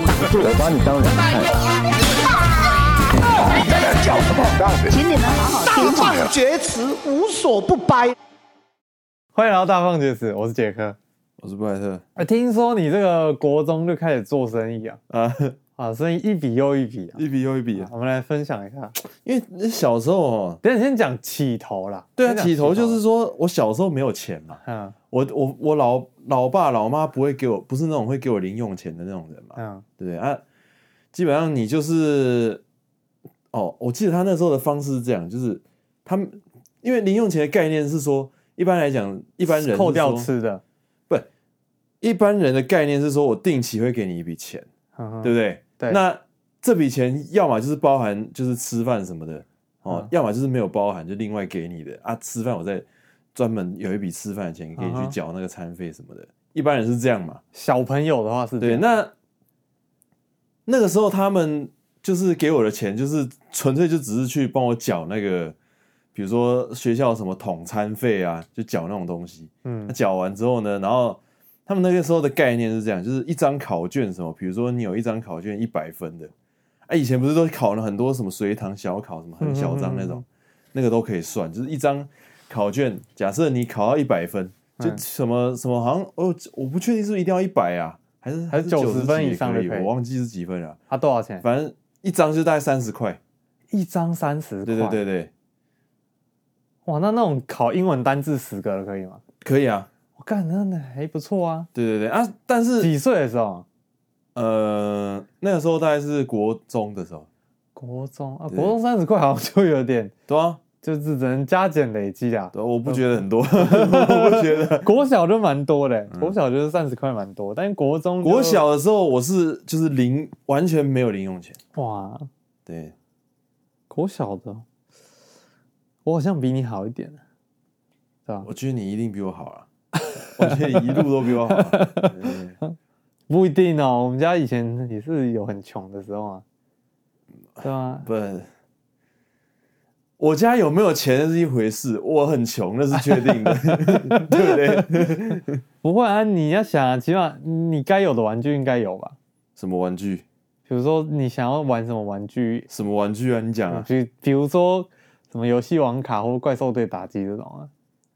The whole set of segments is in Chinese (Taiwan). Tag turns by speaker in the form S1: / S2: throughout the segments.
S1: 我把你當人看。大放厥詞，無所不掰。歡迎來到大放厥詞，我是傑克，我是布萊特。我、欸、聽說你這個國中就開始做生意啊？啊、呃，啊，生意一筆又一筆，啊，一筆又一筆，啊啊。我們來分享一下，因為小時候哦，等下先講起頭啦。對啊，起頭就是說我小時候沒有錢嘛。嗯。我我我老老爸老媽不會給我，不是那種會給我零用錢的那種人嘛，嗯、對不對啊？基本上你就是，哦，我記得他那時候的方式是這樣，就是他們因為零用錢的概念是說，一般來講一般人是扣掉吃的，不，一般人的概念是說我定期會給你一筆錢，嗯、對不對？對，那這筆錢要麼就是包含就是吃飯什麼的哦，嗯、要麼就是沒有包含就另外給你的啊，吃飯我在。專門有一筆吃飯的錢，可以去繳那個餐費什麼的，uh -huh。一般人是這樣嘛？小朋友的話是對。那那個時候他們就是給我的錢，就是純粹就只是去幫我繳那個，比如說學校什麼統餐費啊，就繳那種東西。嗯。繳完之後呢，然後他們那個時候的概念是這樣，就是一張考卷，什麼比如說你有一張考卷一百分的，哎、啊，以前不是都考了很多什麼隨堂小考什麼很囂張那種嗯嗯嗯嗯，那個都可以算，就是一張。考卷，假設你考到一百分，就什麼、嗯、什麼好像哦，我不確定是，不是一定要一百啊，還是還是九十分以上的。我忘記是幾分了。它、啊、多少錢？反正一張就大概三十塊。一張三十塊。對對對對。哇，那那種考英文單字十個的可以嗎？可以啊。我靠，那還不錯啊。對對對啊！但是幾歲的時候？呃，那個時候大概是國中的時候。國中啊，對對對，國中三十塊好像就有點多。對啊就是只能加減累積啊！對，我不覺得很多， 我不覺得。國小就蠻多的，欸嗯，國小就是三十塊蠻多，但國中、國小的時候我是就是零，完全沒有零用錢。哇，對，國小的，我好像比你好一點，是吧？我覺得你一定比我好啊， 我覺得你一路都比我好、啊。 不一定哦，我們家以前也是有很窮的時候啊，對啊，對。我家有沒有錢那是一回事，我很窮那是確定的， 對不對？不會啊，你要想啊，起碼你該有的玩具應該有吧？什麼玩具？比如說你想要玩什麼玩具？什麼玩具啊？你講啊，比比如說什麼遊戲王卡或怪獸對打機這種啊？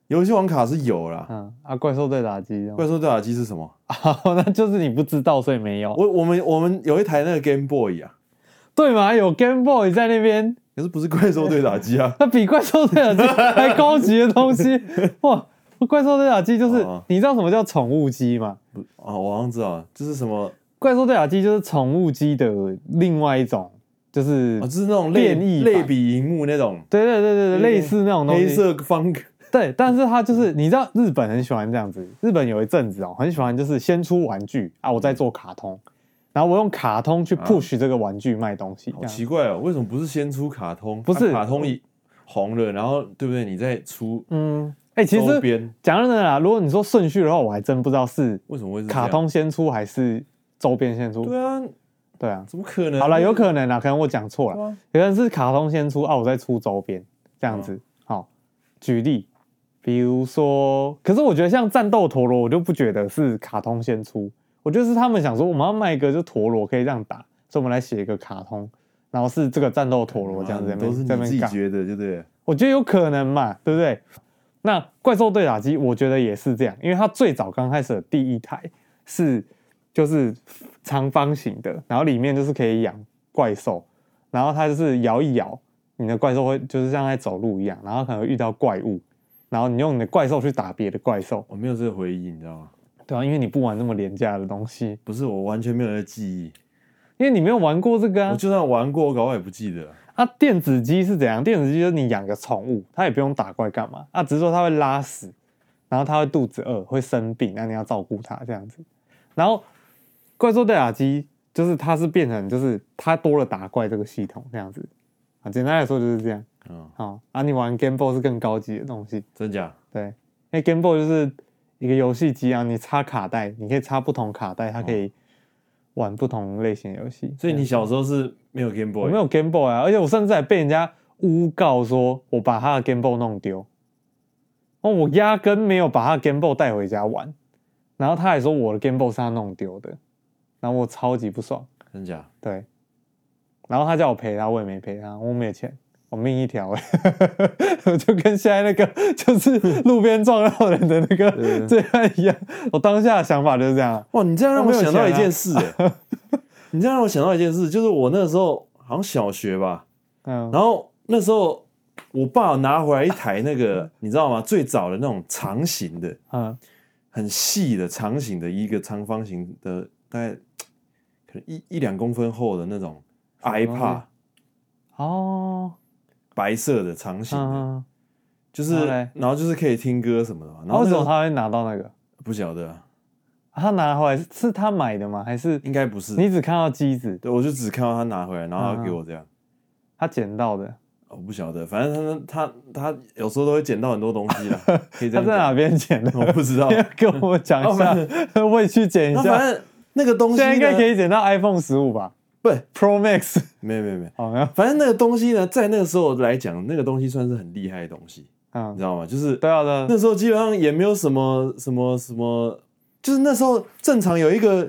S1: 遊戲王卡是有啦，嗯啊，怪獸對打機，怪獸對打機是什麼？啊， 那就是你不知道，所以沒有。我我們我們有一台那個 Game Boy 啊，對嘛？有 Game Boy 在那邊。這不是怪獸對打機啊，它 比怪獸對打機還高級的東西哇！怪獸對打機就是，你知道什麼叫寵物機嗎？啊，我剛知道，這是什麼怪獸對打機，就是寵物機的另外一種，就是就是那種變異類比熒幕那種。對對對對對，對，類似那種東西。黑色方格。對，但是它就是，你知道日本很喜歡這樣子，日本有一陣子哦、喔，很喜歡就是先出玩具啊，我再做卡通。然後我用卡通去 push 這個玩具賣東西，啊、好奇怪哦，為什麼不是先出卡通？不、嗯、是、啊、卡通一紅了，然後對不對？你再出，嗯，哎、欸，其實講真的啦，如果你說順序的話，我還真不知道是為什麼會是卡通先出還是周邊先出。先出對啊，對啊，怎麼可能？好啦，有可能啦。可能我講錯了，可能是卡通先出啊，我再出周邊這樣子、啊。好，舉例，比如說，可是我覺得像戰鬥陀螺，我就不覺得是卡通先出。我覺得是他們想說，我們要賣一個就陀螺可以這樣打，所以我們來寫一個卡通，然後是這個戰鬥陀螺這樣子在面、嗯，都是你自己覺得，對不對？我覺得有可能嘛，對不對？那怪獸對打機，我覺得也是這樣，因為它最早剛開始的第一台是就是長方形的，然後裡面就是可以養怪獸，然後它就是搖一搖，你的怪獸會就是像在走路一樣，然後可能會遇到怪物，然後你用你的怪獸去打別的怪獸。我沒有這個回憶，你知道嗎？主要因為你不玩那麼廉價的東西，不是我完全沒有在記憶，因為你沒有玩過這個、啊。我就算玩過，我搞我也不記得。啊，電子雞是怎樣？電子雞就是你養個寵物，它也不用打怪幹嘛，啊，只是說它會拉屎，然後它會肚子餓，會生病，那、啊、你要照顧它這樣子。然後怪獸對打機就是它是變成就是它多了打怪這個系統這樣子啊，簡單來說就是這樣。嗯、哦，好啊，你玩 Game Boy 是更高級的東西，真假？對，因為 Game Boy 就是。一個遊戲機啊，你插卡帶，你可以插不同卡帶，它可以玩不同類型遊戲。所以你小時候是沒有 Game Boy，沒有 Game Boy 啊！而且我甚至還被人家誣告說我把他的 Game Boy 弄丟，我壓根沒有把他 Game Boy 帶回家玩，然後他還說我的 Game Boy 是他弄丟的，然後我超級不爽，真假？對，然後他叫我賠他，我也沒賠他，我沒有錢。我命一條，我、欸、 就跟現在那個就是路邊撞到人的那個罪犯一樣。我當下的想法就是這樣。哇，你這樣讓我想到一件事、欸、你這樣讓我想到一件事，就是我那時候好像小學吧，然後那時候我爸拿回來一台那個，你知道嗎？最早的那種長形的，很細的長形的一個長方形的，大概可能一一兩公分厚的那種 iPad 哦，哦。白色的長形、嗯，就是，然後就是可以聽歌什麼的嘛。然後為什麼他會拿到那個？不曉得。他拿回來是他買的嗎？還是應該不是？你只看到機子對，對，我就只看到他拿回來，然後他給我這樣。嗯、他撿到的。我、哦、不曉得，反正他他他有時候都會撿到很多東西啦。 他在哪邊撿的？我不知道，跟我講一下， 我也去撿一下。反正那個東西對，應該可以撿到 iPhone 十五吧。不，Pro Max 沒有沒有沒、， 哦、沒有，反正那個東西呢，在那個時候來講，那個東西算是很厲害的東西啊、嗯，你知道嗎？就是對的、啊，那時候基本上也沒有什麼什麼什麼，就是那時候正常有一個，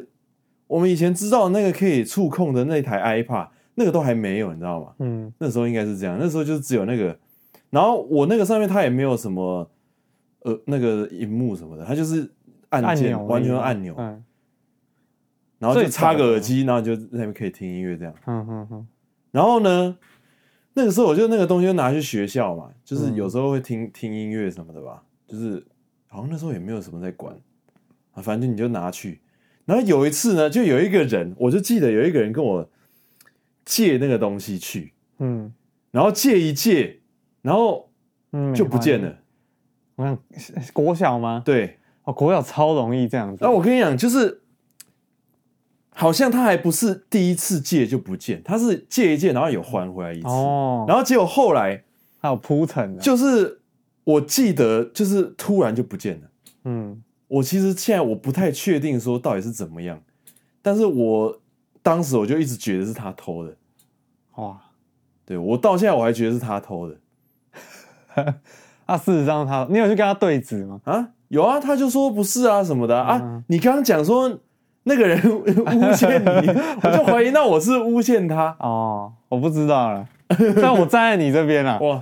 S1: 我們以前知道那個可以觸控的那台 iPad，那個都還沒有，你知道嗎？嗯，那時候應該是這樣，那時候就只有那個，然後我那個上面它也沒有什麼，呃，那個熒幕什麼的，它就是
S2: 按鍵、按鈕、啊，完全按鈕。嗯
S1: 然後就插個耳機，然後就在那邊可以聽音樂這樣。嗯嗯嗯。然後呢，那個時候我就那個東西就拿去學校嘛，就是有時候會聽聽音樂什麼的吧，就是好像那時候也沒有什麼在管。反正你就拿去。然後有一次呢，就有一個人，我就記得有一個人跟我借那個東西去，嗯。然後借一借，然後就不見了。嗯。我想國小嗎？對。哦，國小超容易這樣子。啊，我跟你講，就是。好像他還不是第一次借就不見，他是借一借，然後有還回來一次，哦、然後結果後來還有鋪陳，就是我記得就是突然就不見了。嗯，我其實現在我不太確定說到底是怎麼樣，但是我當時我就一直覺得是他偷的。哇，對，我到現在我還覺得是他偷的。呵呵啊，事實上他，你有去跟他對質嗎？啊，有啊，他就說不是啊什麼的啊，嗯、啊你剛剛講說。那個人誣陷你，我就懷疑那我是誣陷他哦，我不知道了， 但我站在你這邊啊，哇，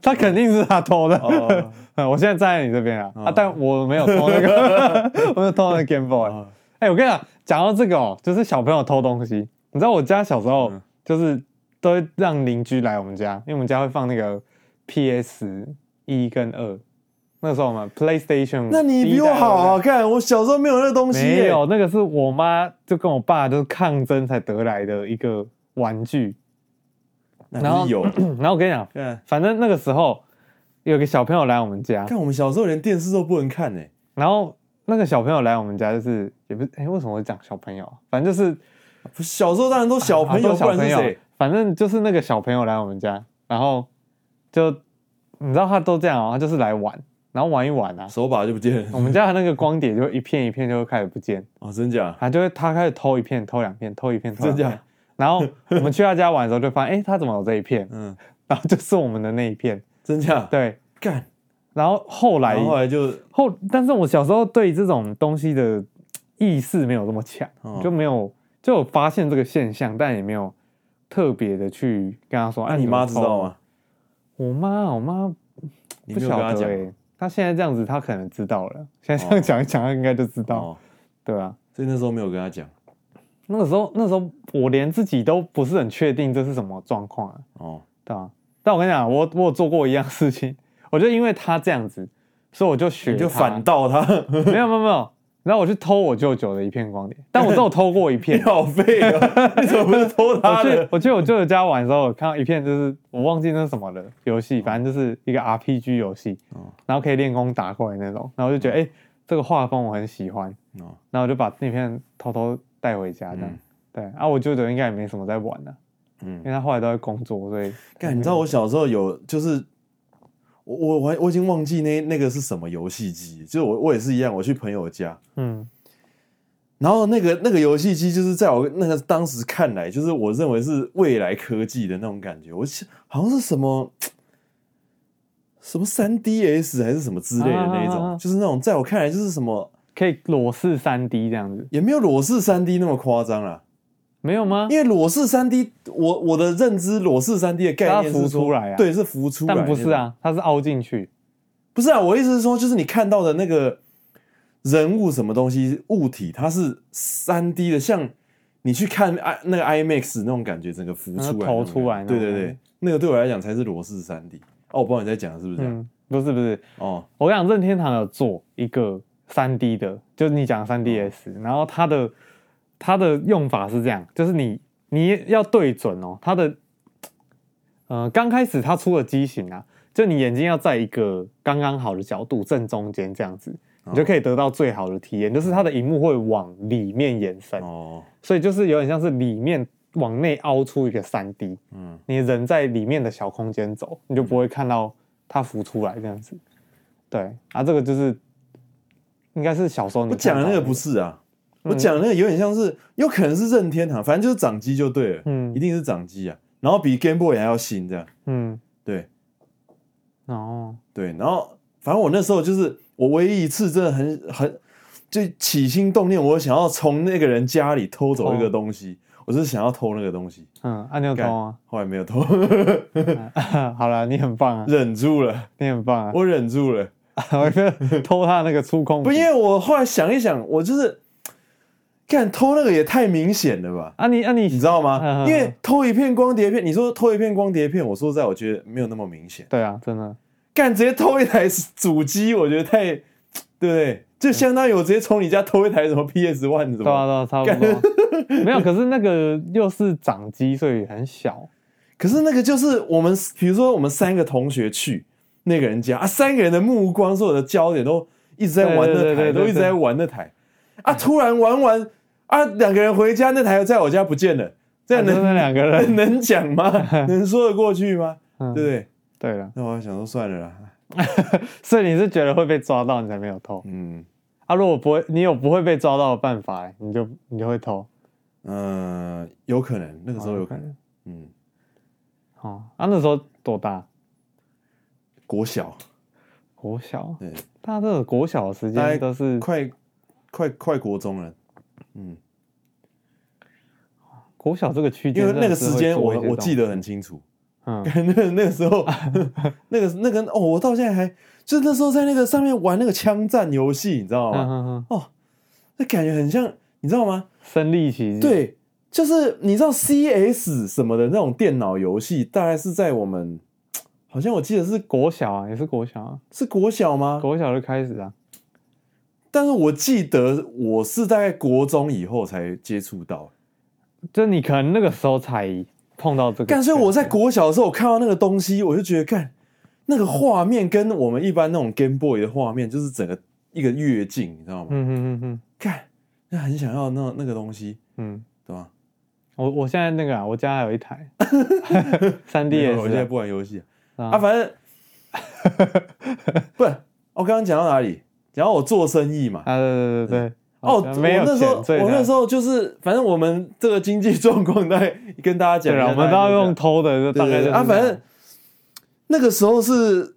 S1: 他肯定是他偷的，哦， 我現在站在你這邊啊，啊，但我沒有偷那個，哦，我沒有偷那個 Game Boy，哎，我跟你講，講到這個哦，喔，就是小朋友偷東西，你知道我家小時候就是都會讓鄰居來我們家，因為我們家會放那個 PS 一跟二。那時候嘛，PlayStation，那你比我好看我，、啊、我小時候沒有那個東西、欸，沒有那個是我媽就跟我爸就是抗爭才得來的一個玩具，然後有，然後我跟你講，yeah. 反正那個時候有個小朋友來我們家，看我們小時候連電視都不能看哎、欸。然後那個小朋友來我們家，就是也不哎、欸，為什麼會講小朋友？反正就是小時候當然都小朋友，啊啊、小朋友，反正就是那個小朋友來我們家，然後就你知道他都這樣啊、喔，他就是來玩。然後玩一玩啊，手把就不見了。我們家的那個光碟就一片一片就會開始不見。哦，真的假的？啊，就會他開始偷一片，偷兩片，偷一片。偷一片真的假的？然後我們去他家玩的時候就發現，哎、嗯欸，他怎麼有這一片？嗯，然後就是我們的那一片。真的假的？對，幹。然後後來，後，後來就後，但是我小時候對這種東西的意識沒有那麼強、哦，就沒有就有發現這個現象，但也沒有特別的去跟他說。那你媽知道嗎？我媽，我媽不曉得、欸。嗯他現在這樣子，他可能知道了。現在這樣講一講，他應該就知道。哦，對啊。所以那時候沒有跟他講。那個時候，那時候我連自己都不是很確定這是什麼狀況啊。哦，對啊。但我跟你講，我我有做過一樣事情，我就因為他這樣子，所以我就學，就反倒他。他 沒有沒有沒有。然後我去偷我舅舅的一片光碟，但我真的偷過一片。 你好廢啊、哦！怎麼不是偷他的？ 我去，我去我舅舅家玩的時候，我看到一片，就是我忘記那是什麼了。遊戲，反正就是一個 RPG 遊戲，然後可以練功打怪那種。然後我就覺得，哎、欸，這個畫風我很喜歡。然後我就把那片偷偷帶回家，這樣、嗯。對。啊，我舅舅應該也沒什麼在玩了。嗯。因為他後來都在工作，所以。但、嗯、你知道，我小時候有就是。我我還我已經忘記那那個是什麼遊戲機，就是我我也是一樣，我去朋友家，嗯，然後那個那個遊戲機就是在我那個當時看來，就是我認為是未來科技的那種感覺，我好像是什麼什麼 3DS 還是什麼之類的那種啊啊啊啊，就是那種在我看來就是什麼可以裸視 3D 這樣子，也沒有裸視 3D 那麼誇張啊。沒有嗎？因為裸視三 D，我我的認知，裸視三 D 的概念是出浮出來啊，對，是浮出來是是，但不是啊，它是凹進去，不是啊。我意思是說，就是你看到的那個人物什麼東西物體，它是三 D 的，像你去看 i 那個 IMAX 那種感覺，整個浮出來、投出來，對對對，那個對我來講才是裸視三 D。哦，我不知道你在講是不是這樣？嗯、不是不是哦，我講任天堂有做一個三 D 的，就是你講三 DS，、嗯、然後它的。它的用法是這樣，就是你你要對準哦，它的，呃，剛開始它出了機型，啊，就你眼睛要在一個剛剛好的角度正中間這樣子，你就可以得到最好的體驗，哦。就是它的熒幕會往裡面延伸，哦，所以就是有點像是裡面往內凹出一個三 D，嗯，你人在裡面的小空間走，你就不會看到它浮出來這樣子，嗯、對，啊，這個就是應該是小時候你講的那個不是啊。我講那個有點像是，有可能是任天堂，反正就是掌機就對了，嗯，一定是掌機啊，然後比 Game Boy 還要新這樣，嗯，對，然、oh. 後對，然後反正我那時候就是我唯一一次真的很很就起心動念，我想要從那個人家裡偷走一個東西，我是想要偷那個東西，嗯，按、啊、你有偷啊，後來沒有偷， 好了，你很棒啊，忍住了，你很棒啊，我忍住了，我 偷他那個觸控，不因為我後來想一想，我就是。幹偷那個也太明顯了吧？啊你，你啊你，你知道嗎？啊、呵呵因為偷一片光碟片，你說偷一片光碟片，我說實在，我覺得沒有那麼明顯。對啊，真的。幹直接偷一台主機，我覺得太，對不對？就相當於我直接從你家偷一台什麼 PS One 什麼，感覺、啊啊、沒有。可是那個又是掌機， 所以很小。可是那個就是我們，比如說我們三個同學去那個人家啊，三個人的目光所有的焦點都一直在玩那台，對對對對，都一直在玩那台。對對對對啊！突然玩玩。啊！兩個人回家，那台在我家不見了，這樣能兩、啊就是、個人能講嗎？ 能說得過去嗎、嗯？對不對？對了，那我想說，算了啦。 所以你是覺得會被抓到，你才沒有偷？嗯。啊，如果不會，你有不會被抓到的辦法、欸，你就你就會偷。呃，有可能，那個時候有可能。好嗯。哦，啊，那個、時候多大？國小。國小。嗯。那這個國小的時間都是快快快國中了。嗯，國小這個區間，因為那個時間我我記得很清楚。嗯，感覺那個、那個時候， 那個那個哦，我到現在還，就那時候在那個上面玩那個槍戰遊戲，你知道嗎、嗯哼哼？哦，那感覺很像，你知道嗎？生力氣。對，就是你知道 CS 什麼的那種電腦遊戲，大概是在我們，好像我記得是國小啊，也是國小啊，是國小嗎？國小就開始啊。但是我記得我是在國中以後才接觸到，就你可能那個時候才碰到這個。幹，所以我在國小的時候，我看到那個東西，我就覺得看那個畫面跟我們一般那種 Game Boy 的畫面，就是整個一個躍進，你知道嗎？嗯嗯嗯嗯，幹，那很想要那那個東西，嗯，對吧？我我現在那個啊，我家還有一台三 D 我現在不玩遊戲啊,啊，反正 不，我剛剛講到哪裡？然後我做生意嘛，啊對對對對，對哦、啊、沒有、我那時候，我那時候就是反正我們這個經濟狀況在跟大家講，我們都要用偷的。大概就是對對對對啊，反正那個時候是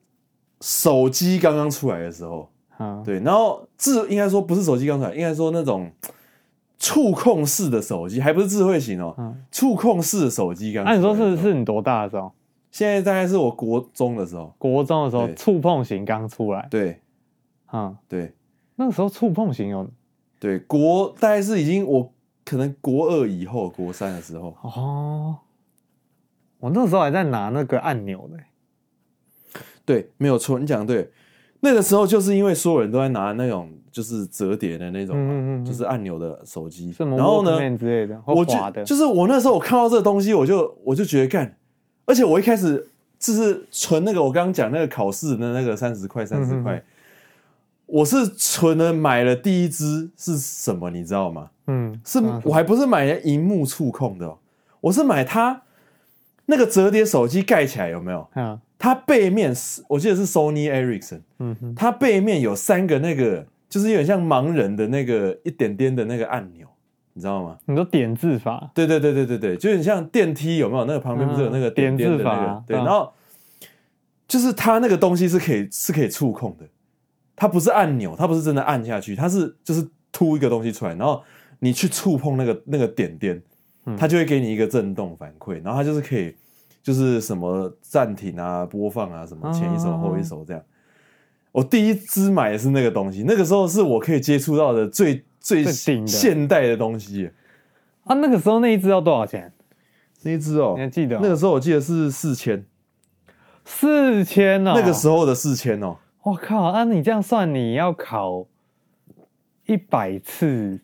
S1: 手機剛剛出來的時候，啊、嗯、對，然後智應該說不是手機剛出來，應該說那種觸控式的手機，還不是智慧型哦，嗯、觸控式的手機剛出來，那、啊、你說是是你多大的時候？現在大概是我國中的時候，國中的時候觸碰型剛出來，對。啊、嗯，對，那個時候觸碰型哦，對，國大概是已經我可能國二以後，國三的時候哦，我那時候還在拿那個按鈕的、欸，對，沒有錯，你講對，那個時候就是因為所有人都在拿那種就是摺疊的那種嗯嗯嗯，就是按鈕的手機、嗯嗯，然後呢滑我滑的。就是我那時候我看到這個東西，我就我就覺得幹，而且我一開始就是存那個我剛剛講那個考試的那個三十塊，三十塊。嗯嗯我是純的買了第一支是什麼，你知道嗎？嗯，是、啊、我還不是買熒幕觸控的，哦，我是買它那個折疊手機蓋起來有沒有？啊，它背面是，我記得是 Sony Ericsson、嗯、它背面有三個那個，就是有點像盲人的那個一點點的那個按鈕，你知道嗎？你說點字法？對對對對對對，就是像電梯有沒有？那個旁邊不是有那個點點的、那個、嗯、點字法？對，然後、啊、就是它那個東西是可以是可以觸控的。它不是按鈕，它不是真的按下去，它是就是凸一個東西出來，然後你去觸碰那個那個點點，它就會給你一個震動反饋、嗯，然後它就是可以就是什麼暫停啊、播放啊、什麼前一首、啊、後一首這樣。我第一支買的是那個東西，那個時候是我可以接觸到的最最新現代的東西啊。那個時候那一支要多少錢？那一支哦，你還記得、哦？那個時候我記得是四千，四千哦，那個時候的四千哦。我靠！按、啊、你這樣算，你要考一百次，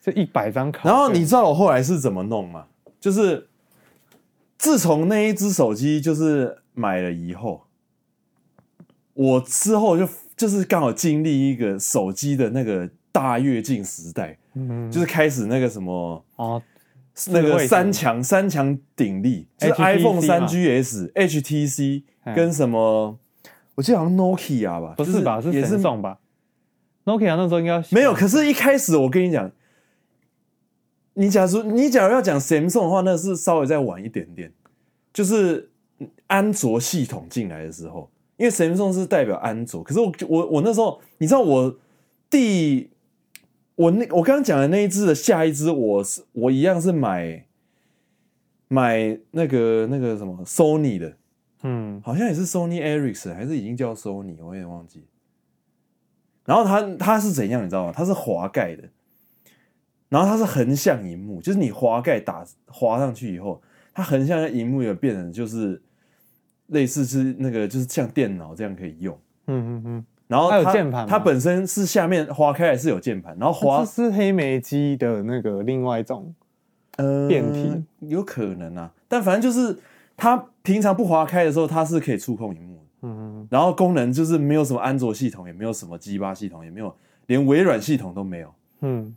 S1: 就一百張卡。然後你知道我後來是怎麼弄嗎？就是自從那一只手機就是買了以後，我之後就就是剛好經歷一個手機的那個大躍進時代，嗯，就是開始那個什麼啊、哦，那個三強三強鼎立，就是 iPhone 3GS、HTC 跟什麼。我記得好像 Nokia 吧，不是吧？就是、也是這種吧？Nokia 那時候應該沒有。可是，一開始我跟你講，你假如你假如要講 Samsung 的話，那是稍微再晚一點點，就是安卓系統進來的時候，因為 Samsung 是代表安卓。可是我我我那時候，你知道我第我那我剛剛講的那一支的下一支，我是我一樣是買買那個那個什麼 Sony 的。嗯，好像也是 Sony Ericsson 還是已經叫 Sony，我有點忘記。然後它它是怎樣，你知道嗎？它是滑蓋的，然後它是橫向銀幕，就是你滑蓋打滑上去以後，它橫向的銀幕有變成就是類似是那個，就是像電腦這樣可以用。嗯嗯
S2: 嗯。然後它，它有鍵盤，它
S1: 本身是下面滑開來是有鍵盤，然後滑這是黑莓機的那個另外一種呃變體，嗯、有可能啊。但反正就是它。平常不滑開的時候，它是可以觸控螢幕的。嗯，然後功能就是沒有什麼安卓系統，也沒有什麼雞巴系統，也沒有連微軟系統都沒有。嗯，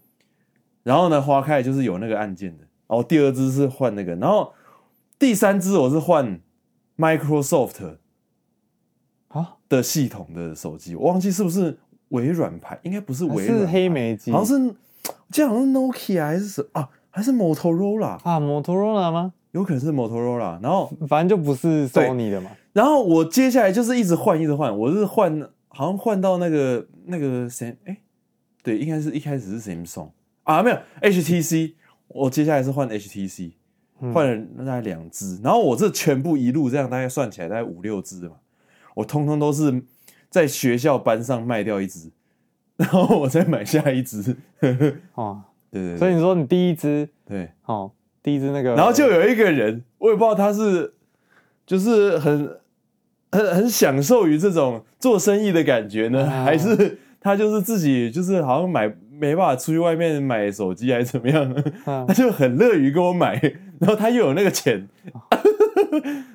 S1: 然後呢，滑開就是有那個按鍵的。哦，第二支是換那個，然後第三支我是換 Microsoft 的系統的手機，啊，我忘記是不是微軟牌，應該不是微軟，是黑莓機，好像是，這樣是 Nokia 還是什麼啊？還是 Motorola 啊？Motorola 嗎？有可能是 Motorola，然後反正就不是 Sony 的嘛。然後我接下來就是一直換，一直換，我是換，好像換到那個那個誰，哎，對，應該是一開始是 Samsung 啊，沒有 HTC，我接下來是換 HTC，換、嗯、了大概兩支，然後我這全部一路這樣，大概算起來大概五六支嘛，我通通都是在學校班上賣掉一支，然後我再買下一支。哦， 對，對，對對。所以你說你第一支，對，哦。第一支那個，然後就有一個人，我也不知道他是，就是很很很享受於這種做生意的感覺呢，還是他就是自己就是好像買沒辦法出去外面買手機還是怎麼樣，他就很樂於跟我買，然後他又有那個錢，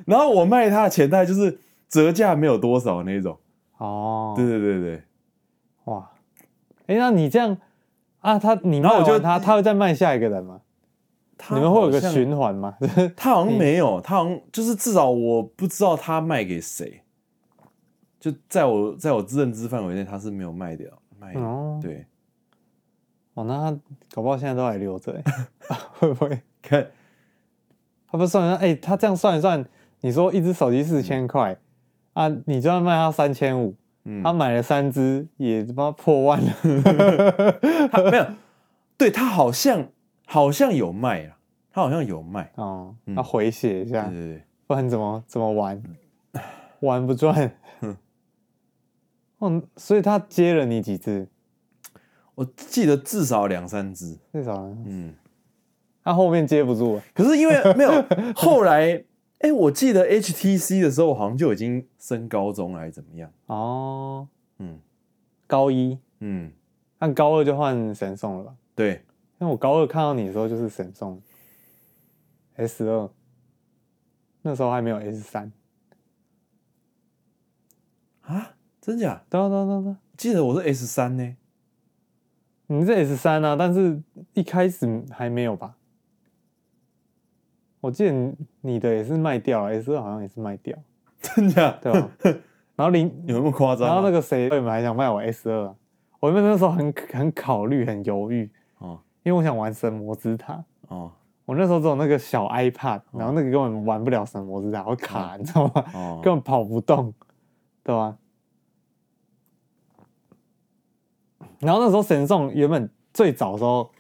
S1: 然後我賣他的錢袋就是折價沒有多少那種，哦，對對對對，對、哦哦，哇，哎、欸，那你這樣啊，他你那我就他他會再賣下一個人嗎？你們會有一個循環嗎？他好像沒有， 他好像就是至少我不知道他賣給誰。就在我在我自認知範圍內，他是沒有賣掉賣掉，嗯哦。對，哦，那他搞不好現在都還留着、 啊，會不會？看，他不算算，哎、欸，他這樣算一算，你說一隻手機四千塊啊，你就算賣他三千五，他、啊、買了三隻也幫他媽破萬了是不是？ 他沒有， 對他好像。好像有賣啊，他好像有賣哦，他、嗯、回血一下，不然怎麼怎麼玩，嗯、玩不轉。嗯、哦，所以他接了你幾隻？我記得至少兩三隻，至少嗯，他後面接不住了，可是因為沒有 後來，哎、欸，我記得 H T C 的時候，我好像就已經升高中了還是怎麼樣？哦，嗯，高一，嗯，那高二就換神送了吧，對。那我高二看到你的時候就是 Samsung，S 二，那時候還沒有 S 三，啊？真假？等等等等，記得我是 S 三呢？你是 S 三啊？但是一開始還沒有吧？我記得你的也是賣掉了，S 二好像也是賣掉，真假？對吧？ 然後你有那麼誇張？然後那個誰後面還想賣我 S 二，啊，我那時候很很考慮，很猶豫。因為我想玩《神魔之塔》哦、我那時候只有那個小 iPad，、哦、然後那個根本玩不了《神魔之塔》哦，我卡，嗯、你知道嗎？哦、根本跑不動，對吧、啊？然後那時候 Samsung 原本最早的時候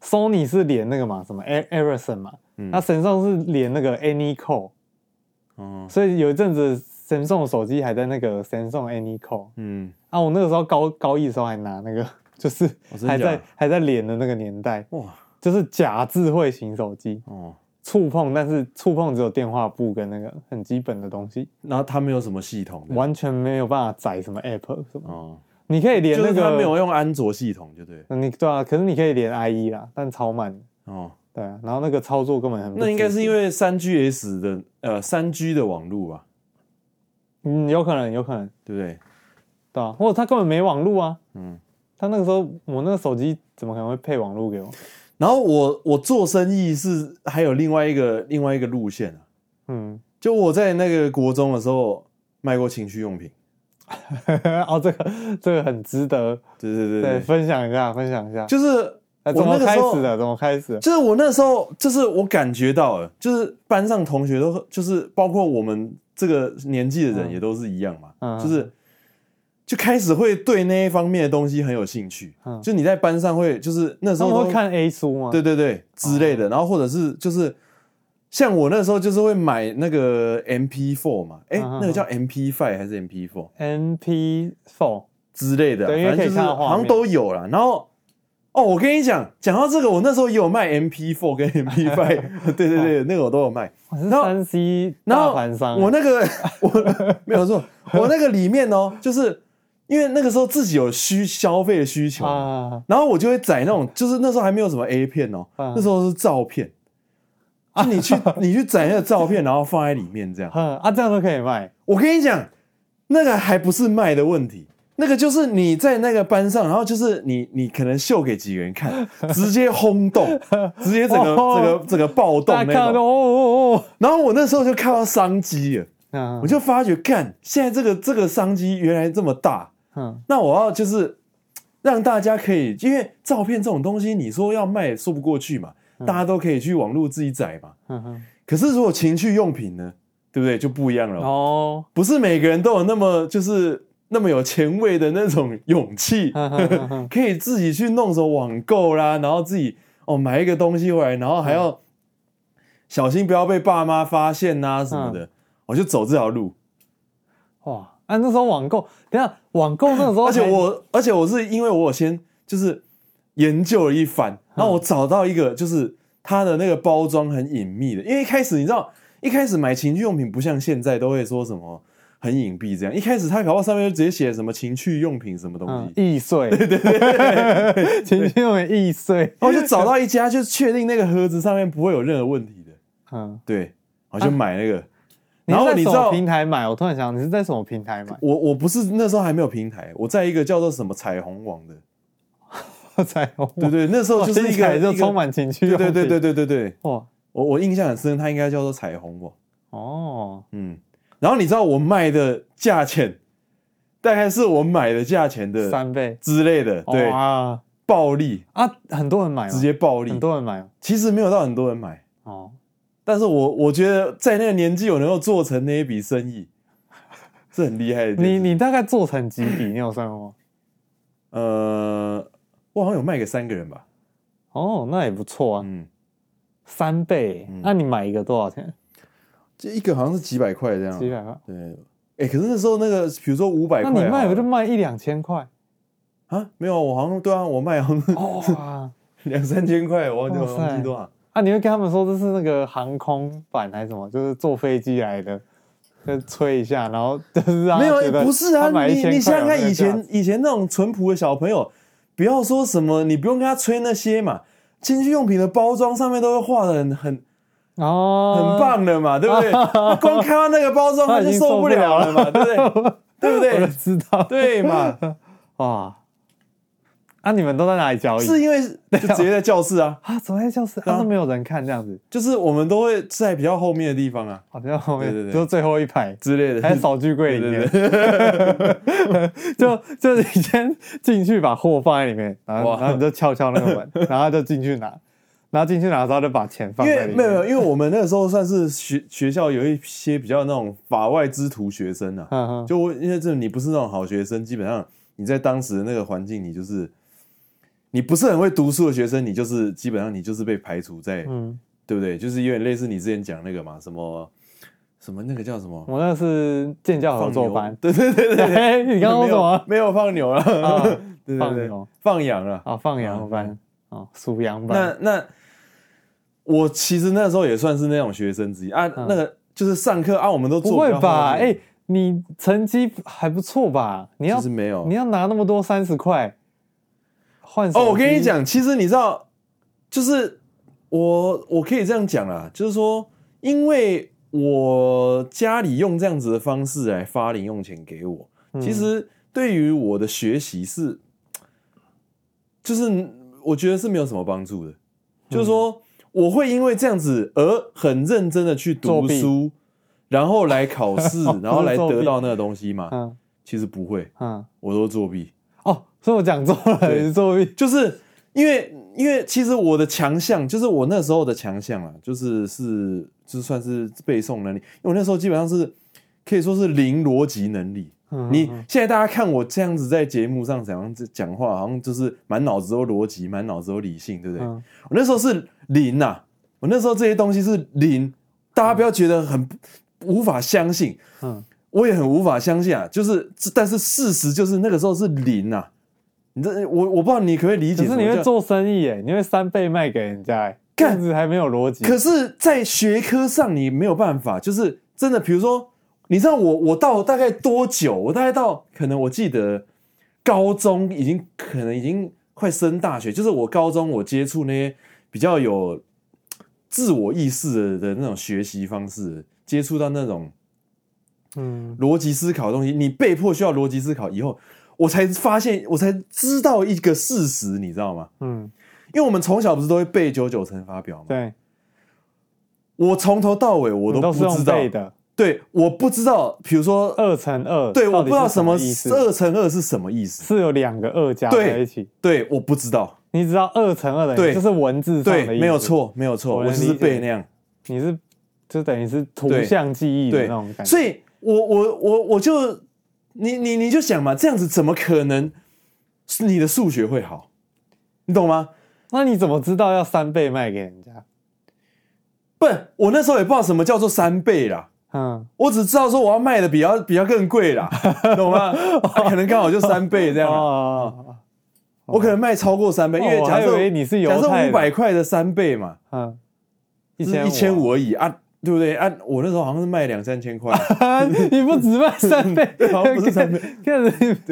S1: ，Sony 是連那個嘛，什麼 Ericsson 嘛，那 Samsung 是連那個 Anycall，、嗯、所以有一陣子 Samsung 手機還在那個 Samsung Anycall，嗯，啊，我那個時候高高一的時候還拿那個。就是還在還在連的那個年代哇，就是假智慧型手機哦，觸碰，但是觸碰只有電話簿跟那個很基本的東西，然後它沒有什麼系統，完全沒有辦法載什麼 app 什麼，你可以連那個沒有用安卓系統就對，你對啊，可是你可以連 IE 啊，但超慢哦，對啊，然後那個操作根本很慢，那應該是因為三 G S 的呃三 G 的網絡吧，嗯，有可能有可能對不對，對啊，或者它根本沒網絡啊，嗯。他那個時候，我那個手機怎麼可能會配網路給我？然後我我做生意是還有另外一個另外一個路線啊。嗯，就我在那個國中的時候賣過情趣用品。 哦，這個這個很值得，對對對，對，對分享一下，分享一下。就是怎麼開始的？怎麼開始，麼開始？就是我那時候，就是我感覺到了，就是班上同學都，就是包括我們這個年紀的人也都是一樣嘛，嗯嗯、就是。就開始會對那一方面的東西很有興趣，嗯、就你在班上會，就是那時候你會看 A 書嗎？對對對，之類的、啊。然後或者是就是，像我那時候就是會買那個 MP4 嘛，誒、啊欸啊、那個叫 MP5 還是 MP4？MP4 MP4，之類的，反正可以看到畫面，好像都有了。然後哦，我跟你講，講到這個，我那時候也有賣 MP4 跟 MP5，、啊、對對對、啊，那個我都有賣。我知道三 C 大盤商，那我那個我沒有錯、啊，我那個裡面哦、喔，就是。因為那個時候自己有需消費的需求啊，然後我就會載那種、啊，就是那時候還沒有什麼 A 片哦、喔啊，那時候是照片，啊你去啊你去載那個照片、啊，然後放在裡面這樣，啊，這樣都可以賣。我跟你講，那個還不是賣的問題，那個就是你在那個班上，然後就是你你可能秀給幾個人看，啊、直接轟動、啊，直接整個、哦、整個整個暴動那種、啊、然後我那時候就看到商機了、啊，我就發覺看現在這個這個商機原來這麼大。嗯，那我要就是讓大家可以，因為照片這種東西，你說要賣也說不過去嘛、嗯，大家都可以去網絡自己載嘛。嗯，嗯，可是如果情趣用品呢，對不對？就不一樣了哦。不是每個人都有那麼就是那麼有前衛的那種勇氣，嗯嗯嗯嗯、 可以自己去弄什麼網購啦，然後自己哦買一個東西回來，然後還要小心不要被爸媽發現吶、啊、什麼的、嗯嗯。我就走這條路。哇。啊，那時候網購，等下網購那時候，而且我，而且我是因為我有先就是研究了一番，然後我找到一個，就是它的那個包裝很隱秘的，因為一開始你知道，一開始買情趣用品不像現在都會說什麼很隱蔽這樣，一開始他海報上面就直接寫什麼情趣用品什麼東西、嗯、易碎，對對對，對，對，對 情趣用品易碎，我 就找到一家，就確定那個盒子上面不會有任何問題的，嗯、對，我就買那個。啊然後你知道你在什麼平台買，我突然想，你是在什麼平台買？我我，不是那時候還沒有平台，我在一個叫做什麼彩虹網的 彩虹王。對，對對，那時候就是一個就充滿情趣，對對對對對對，對。哦，我我印象很深，它應該叫做彩虹網。哦，嗯。然後你知道我賣的價錢，大概是我買的價錢的三倍之類的，對、哦、啊，暴利啊，很多人買，直接暴利，很多人買。其實沒有到很多人買哦。但是我我覺得在那個年紀，我能夠做成那一筆生意，是很厲害的。你你大概做成幾筆？你有算過嗎？呃，我好像有賣給三個人吧。哦，那也不錯啊。嗯，三倍。那、嗯啊、你買一個多少錢？這一個好像是幾百塊這樣。幾百塊。對。哎、欸，可是那時候那個，比如說五百塊，那你賣不就賣一兩千塊啊？沒有，我好像對啊，我賣好像兩、哦啊、 三千塊，我好像忘記多少。啊！你會跟他們說，這是那個航空版，還是什麼？就是坐飛機來的，就吹一下，然後就是讓他他 1, 沒有，不是啊。1, 你你想想看，以前以前那種淳樸的小朋友，不要說什麼，你不用跟他吹那些嘛。情趣用品的包裝上面都會畫得很很哦，很棒的嘛，對不對？啊，哈哈哈哈他光看到那個包裝他就受不了了嘛，對不對？ 對不對？我知道對嘛？啊。啊！你們都在哪裡交易？是因為就直接在教室啊、哦、啊！怎麼在教室，然、啊、後、啊、沒有人看這樣子，就是我們都會在比較後面的地方啊，啊比較後面，的對，對對，就最後一排之類的，還掃具櫃裡面，對對對對 就就你先進去把貨放在裡面，然後哇然後你就敲敲那個門， 然後就進去拿，然後進去拿然後就把錢放在裡面，因為沒有沒有，因為我們那個時候算是學學校有一些比較那種法外之徒學生啊， 就因為這你不是那種好學生，基本上你在當時的那個環境，你就是。你不是很會讀書的學生，你就是基本上你就是被排除在、嗯，對不對？就是有點類似你之前講那個嘛，什麼什麼那個叫什麼？我那是建教合作班放牛，對對對對、欸、你剛剛說什麼？沒有，沒有放牛了，哦、 對對對放牛放羊了啊、哦？放羊班、啊、哦，屬羊班。那那我其實那時候也算是那種學生之一啊、嗯。那個就是上課啊，我們都做不，不會吧？哎，你成績還不錯吧？你要、就是、沒有？你要拿那麼多三十塊？哦，我跟你講，其實你知道，就是我我可以這樣講啦，就是說，因為我家裡用這樣子的方式來發零用錢給我，嗯、其實對於我的學習是，就是我覺得是沒有什麼幫助的、嗯。就是說，我會因為這樣子而很認真的去讀書，然後來考試， 然後來得到那個東西嗎？ 其實不會，嗯， 我都作弊。所以我講錯了，所以就是因為，因為其實我的強項就是我那時候的強項啊，就是是就是、算是背誦能力，因為我那時候基本上是可以說是零邏輯能力。嗯、你、嗯、現在大家看我這樣子在節目上怎樣子講話，好像就是滿腦子都邏輯，滿腦子都理性，對不對？嗯、我那時候是零吶、啊，我那時候這些東西是零，大家不要覺得很、嗯、無法相信，嗯，我也很無法相信啊，就是但是事實就是那個時候是零吶、啊。這我我不知道你可不可以理解？可是你會做生意、欸、你會三倍賣給人家，這樣子還沒有邏輯。可是，在學科上你沒有辦法，就是真的，比如說，你知道我我到大概多久？我大概到可能我記得高中已經可能已經快升大學，就是我高中我接觸那些比較有自我意識的的那種學習方式，接觸到那種嗯邏輯思考的東西，你被迫需要邏輯思考以後。我才發現，我才知道一個事實，你知道嗎？嗯，因為我們從小不是都會背九九乘法表嗎？對，我從頭到尾我都不知道背的，對，我不知道，比如說二乘二，對，我不知道什麼意思，二乘二是什麼意思？是有兩個二加在一起對，對，我不知道，你知道二乘二等於就是文字對，沒有錯，沒有錯，我只是背那樣，你，你是就等於是圖像記憶的那種感覺，所以我我我我就。你你你就想嘛，這樣子怎麼可能？你的數學會好，你懂嗎？那你怎麼知道要三倍賣給人家？不是，我那時候也不知道什麼叫做三倍啦。嗯，我只知道說我要賣的比較比較更貴啦，嗯，懂嗎？ 啊、可能剛好就三倍這樣，哦哦哦哦，我可能賣超過三倍。哦，因為假設你是假設五百塊的三倍嘛，嗯，一千，啊就是，一千五而已啊。對不對啊？我那時候好像是賣兩三千塊。啊、你不只賣三倍， 好像不止三倍， 對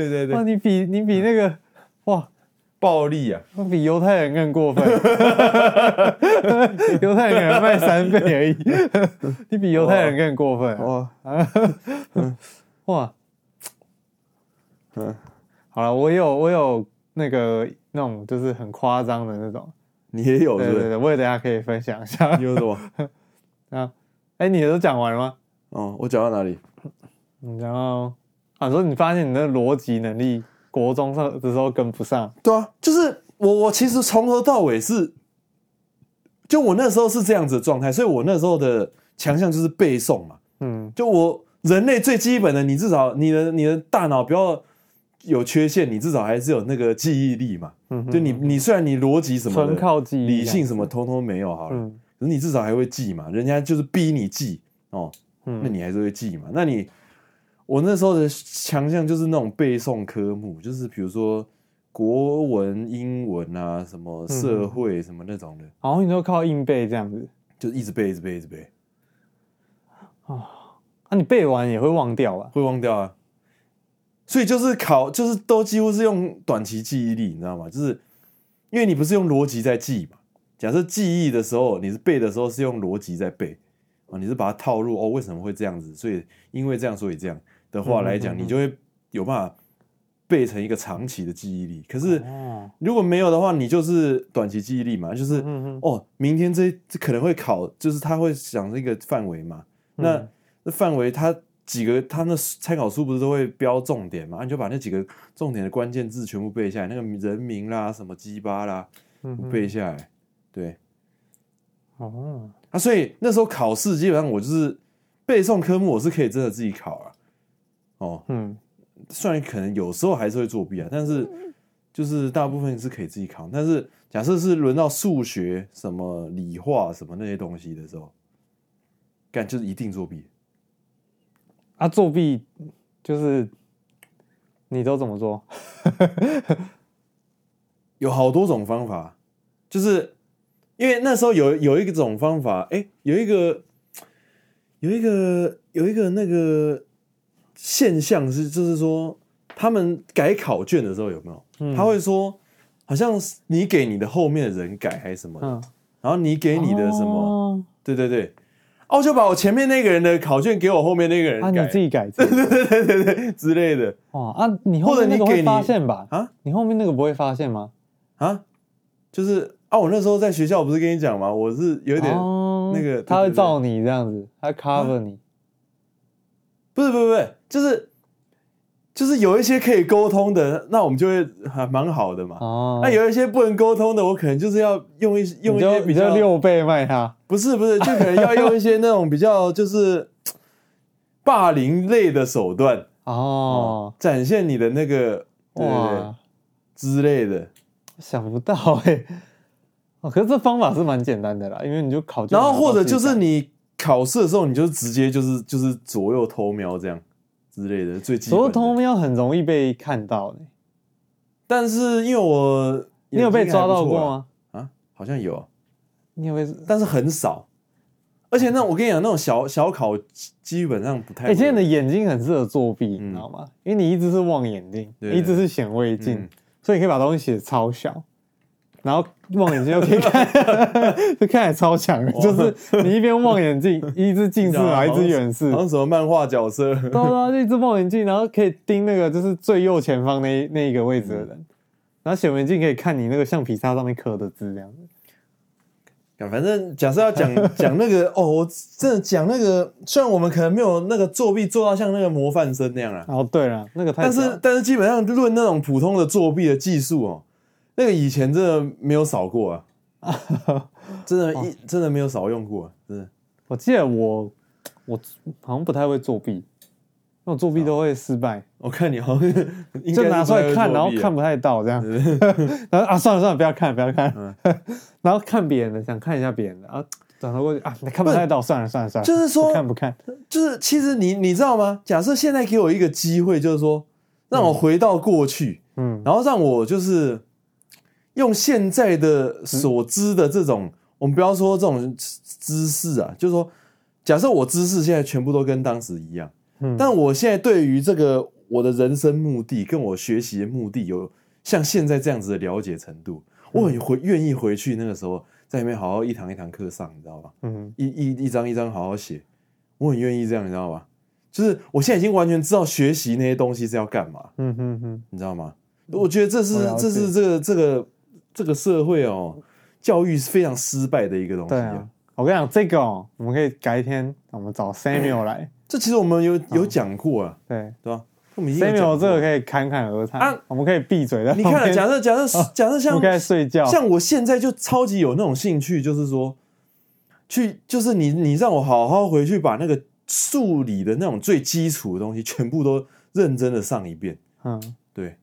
S1: 對對，哇你比你比那個哇暴利啊，比猶太人更過分，
S2: 猶太人賣三倍而已，
S1: 你比猶太人更過分 哇啊 哇嗯， 好了，我有我有那個那種就是很誇張的那種，你也有是不是？對對對，我也等下可以分享一下，你有什麼？ 啊，哎、欸，你的都講完了嗎？哦，我講到哪裡？你講到啊，說你發現你的邏輯能力，國中上的時候跟不上。對啊，就是我我其實從頭到尾是，就我那時候是這樣子的狀態，所以我那時候的強項就是背誦嘛。嗯，就我人類最基本的，你至少你的你的大腦不要有缺陷，你至少還是有那個記憶力嘛。嗯，嗯，就你你雖然你邏輯什麼純靠記憶、啊，理性什麼通通沒有好了。嗯可是你至少還會記嘛？人家就是逼你記哦、嗯，那你還是會記嘛？那你，我那時候的強項就是那種背誦科目，就是比如說國文、英文啊，什麼社會、嗯、什麼那種的。然後你說靠硬背這樣子，就一直背，一直背，一直背。哦、啊，那你背完也會忘掉啊？會忘掉啊？所以就是考，就是都幾乎是用短期記憶力，你知道嗎？就是因為你不是用邏輯在記嘛。假設記憶的時候，你是背的時候是用邏輯在背啊、哦，你是把它套入哦，為什麼會這樣子？所以因為這樣，所以這樣的話來講、嗯，你就會有辦法背成一個長期的記憶力。可是如果沒有的話，你就是短期記憶力嘛，就是、嗯、哦，明天這可能會考，就是他會想這個範圍嘛。嗯、那那範圍它幾個，它那參考書不是都會標重點嘛？你就把那幾個重點的關鍵字全部背下來，那個人名啦，什麼雞巴啦，背下來。嗯對，哦啊，所以那時候考試基本上我就是背誦科目，我是可以真的自己考啊。哦，嗯，雖然可能有時候還是會作弊啊，但是就是大部分是可以自己考。但是假設是輪到數學、什麼理化什麼那些東西的時候，幹就是一定作弊。啊，作弊就是你都怎麼做？ 有好多種方法，就是。因為那時候有有一種方法，欸、有一個有一個有一個那個現象是，就是說他們改考卷的時候有沒有？嗯、他會說，好像是你給你的後面的人改還是什麼、嗯？然後你給你的什麼、哦？對對對，哦，就把我前面那個人的考卷給我後面那個人改，啊、你自己改、這個， 對對對對對之類的。哇啊，你後面那個會發現吧你你？啊，你後面那個不會發現嗎？啊，就是。啊！我那時候在學校，我不是跟你講嗎？我是有一點那個、oh, 對對，他會罩你這樣子，他會 cover 你、嗯，不是，不是，不是，就是就是有一些可以溝通的，那我們就會還蠻、啊、好的嘛。哦、oh. 啊，那有一些不能溝通的，我可能就是要用一用一些比較、比較六倍賣他，不是，不是，就可能要用一些那種比較就是霸凌類的手段哦、oh. 呃，展現你的那個、oh. 對對哇之類的，想不到哎、欸。哦，可是這方法是蠻簡單的啦，因為你就考，然後或者就是你考試的時候，你就直接就是就是左右偷瞄這樣之類的，最近左右偷瞄很容易被看到呢、欸。但是因為我、啊、你有被抓到過嗎？啊，好像有、啊。你有沒有？但是很少。而且那我跟你講，那種小小考基本上不太。哎、欸，其實你的眼睛很適合作弊，你知道嗎？嗯、因為你一直是望遠鏡，對一直是顯微鏡、嗯，所以你可以把東西寫超小。然後望遠鏡就可以看 這看來也超強的超強，就是你一邊望遠鏡，一只近視,一直遠視，還一只遠視？然後什麼漫畫角色？ 都對、啊，一只望遠鏡，然後可以盯那個，就是最右前方那那一個位置的人。然後顯微鏡可以看你那個橡皮擦上面刻的字，這樣。反正假設要講講 那個哦，我真的講那個，雖然我們可能沒有那個作弊做到像那個模範生那樣啊。哦，對了，那個但是但是基本上論那種普通的作弊的技術哦。那個以前真的沒有掃過啊，真的一，一真的沒有少用過。真的我記得我，我好像不太會作弊，那種作弊都會失敗。我看你、 啊，就拿出來看，然後看不太到這樣子。 然後啊，算了算了，不要看，不要看。 然後看別人的，想看一下別人的然後轉，啊，轉頭過去啊，你看不太到，不，算了算了算了。就是說，看不看？就是其實你你知道嗎？假設現在給我一個機會，就是說讓我回到過去，嗯，然後讓我就是。用現在的所知的這種、嗯，我們不要說這種知識啊，就是說，假設我知識現在全部都跟當時一樣，嗯、但我現在對於這個我的人生目的跟我學習的目的有像現在這樣子的了解程度，嗯、我很回願意回去那個時候，在裡面好好一堂一堂課上，你知道吧？嗯，一一一張一張好好寫，我很願意這樣，你知道嗎？就是我現在已經完全知道學習那些東西是要幹嘛，嗯哼哼，你知道嗎？嗯、我覺得這是這是這個這個。這個社會哦，教育是非常失敗的一個東西、啊。對啊，我跟你講這個哦，我們可以改天，我們找 Samuel 來。欸、這其實我們有、嗯、有講過啊，對對吧？Samuel 這個可以侃侃而談啊，我們可以閉嘴的。你看、啊，假設假設、啊、假設像我像我現在就超級有那種興趣，就是說去，就是你你讓我好好回去把那個數理的那種最基礎的東西全部都認真的上一遍。嗯，對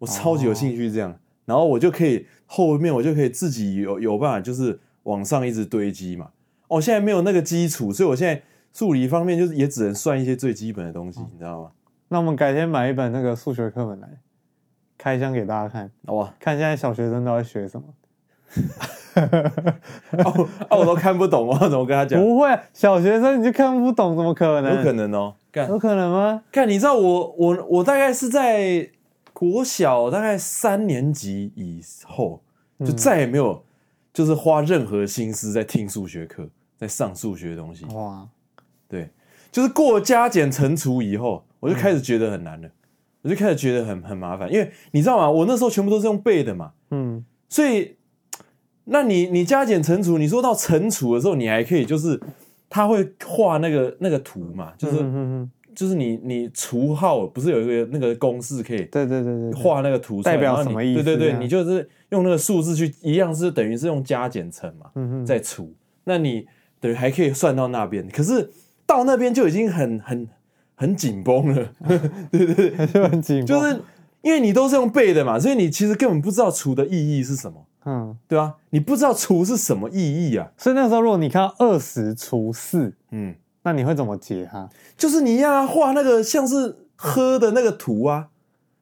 S1: 我超級有興趣這樣。哦然後我就可以後面我就可以自己有有辦法，就是往上一直堆積嘛。哦，現在沒有那個基礎，所以我現在數理方面就也只能算一些最基本的東西、哦，你知道嗎？那我們改天買一本那個數學課本來開箱給大家看，哇、哦啊！看現在小學生都在學什麼。哦 哦、 啊啊，我都看不懂哦，我怎麼跟他講？不會，小學生你就看不懂，怎麼可能？有可能哦，幹，有可能嗎？幹，你知道我我我大概是在。國小大概三年級以後，就再也沒有，就是花任何心思在聽數學課，在上數學的東西。哇，對，就是過加減乘除以後，我就開始覺得很難了，嗯，我就開始覺得很很麻煩，因為你知道嗎？我那時候全部都是用背的嘛，嗯，所以，那你你加減乘除，你說到乘除的時候，你還可以，就是他會畫那個那個圖嘛，就是。嗯哼哼就是你，你除號不是有一個那個公式可以對對對對畫那個圖，代表什麼意思？對對對，你就是用那個數字去一樣是等於是用加減乘嘛，嗯嗯，再除，那你等於還可以算到那邊，可是到那邊就已經很很很緊繃了，嗯、 對對對，還是很緊繃，就是因為你都是用背的嘛，所以你其實根本不知道除的意義是什麼，嗯，對吧、啊？你不知道除是什麼意義啊，所以那時候如果你看到二十除四，嗯。那你會怎麼解它、啊？就是你要畫那個像是喝的那個圖啊，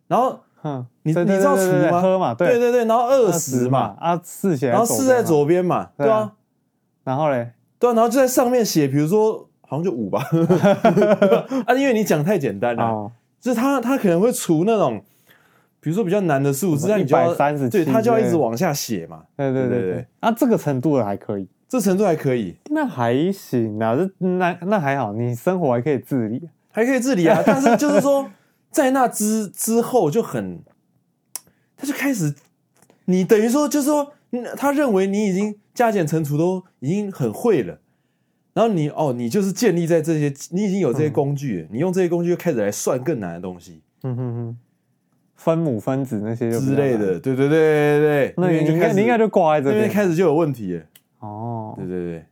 S1: 然後你，你你知道除嗎喝嘛對？對對對，然後二十嘛 ,20 嘛啊四，然後四在左邊嘛對、啊，對啊，然後咧，對、啊，然後就在上面寫，比如說好像就五吧， 啊，因為你講太簡單了、啊，oh. 就是他他可能會除那種，比如說比較難的數字，那你就要三十，對，他就要一直往下寫嘛，對對對對,對對對，啊，這個程度的還可以。這程度還可以，那還行啊，那那還好，你生活還可以自理、啊，還可以自理啊。 但是就是說，在那之之後就很，他就開始，你等於說就是說，他認為你已經加減乘除都已經很會了，然後你哦，你就是建立在這些，你已經有這些工具了、嗯，你用這些工具就開始來算更難的東西。嗯嗯嗯，分母分子那些之類的，對對對對對，對，那應該你應該就掛在這，因為，開始，因為開始就有問題了。哦。對對對，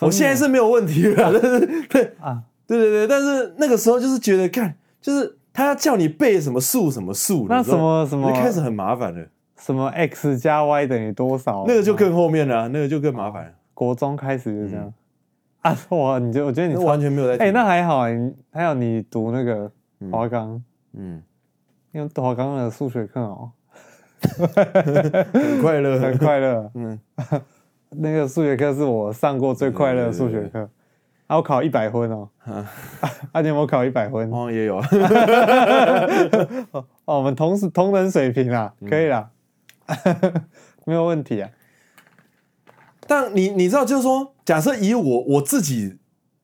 S1: 我現在是沒有問題了、啊。對啊，對對對，但是那個時候就是覺得，看，就是他要叫你背什麼數什麼數，那什麼什麼，一開始很麻煩的、嗯。什麼 x 加 y 等於多少？那個就更後面了、啊嗯，那個就更麻煩、啊。國中開始就這樣、嗯、啊！哇，你就我覺得你、嗯、完全沒有在哎、欸，那還好啊。還好你讀那個華岡、嗯，嗯，因為華岡的數學課哦， 很快樂，很快樂， 嗯。那個數學課是我上過最快樂的數學課，對對對啊、我考一百分哦。啊，你有沒有考一百分。哦，也有。 哦，我們同時同等水平啊，嗯、可以啦 沒有問題啊。但你你知道，就是說，假設以我我自己，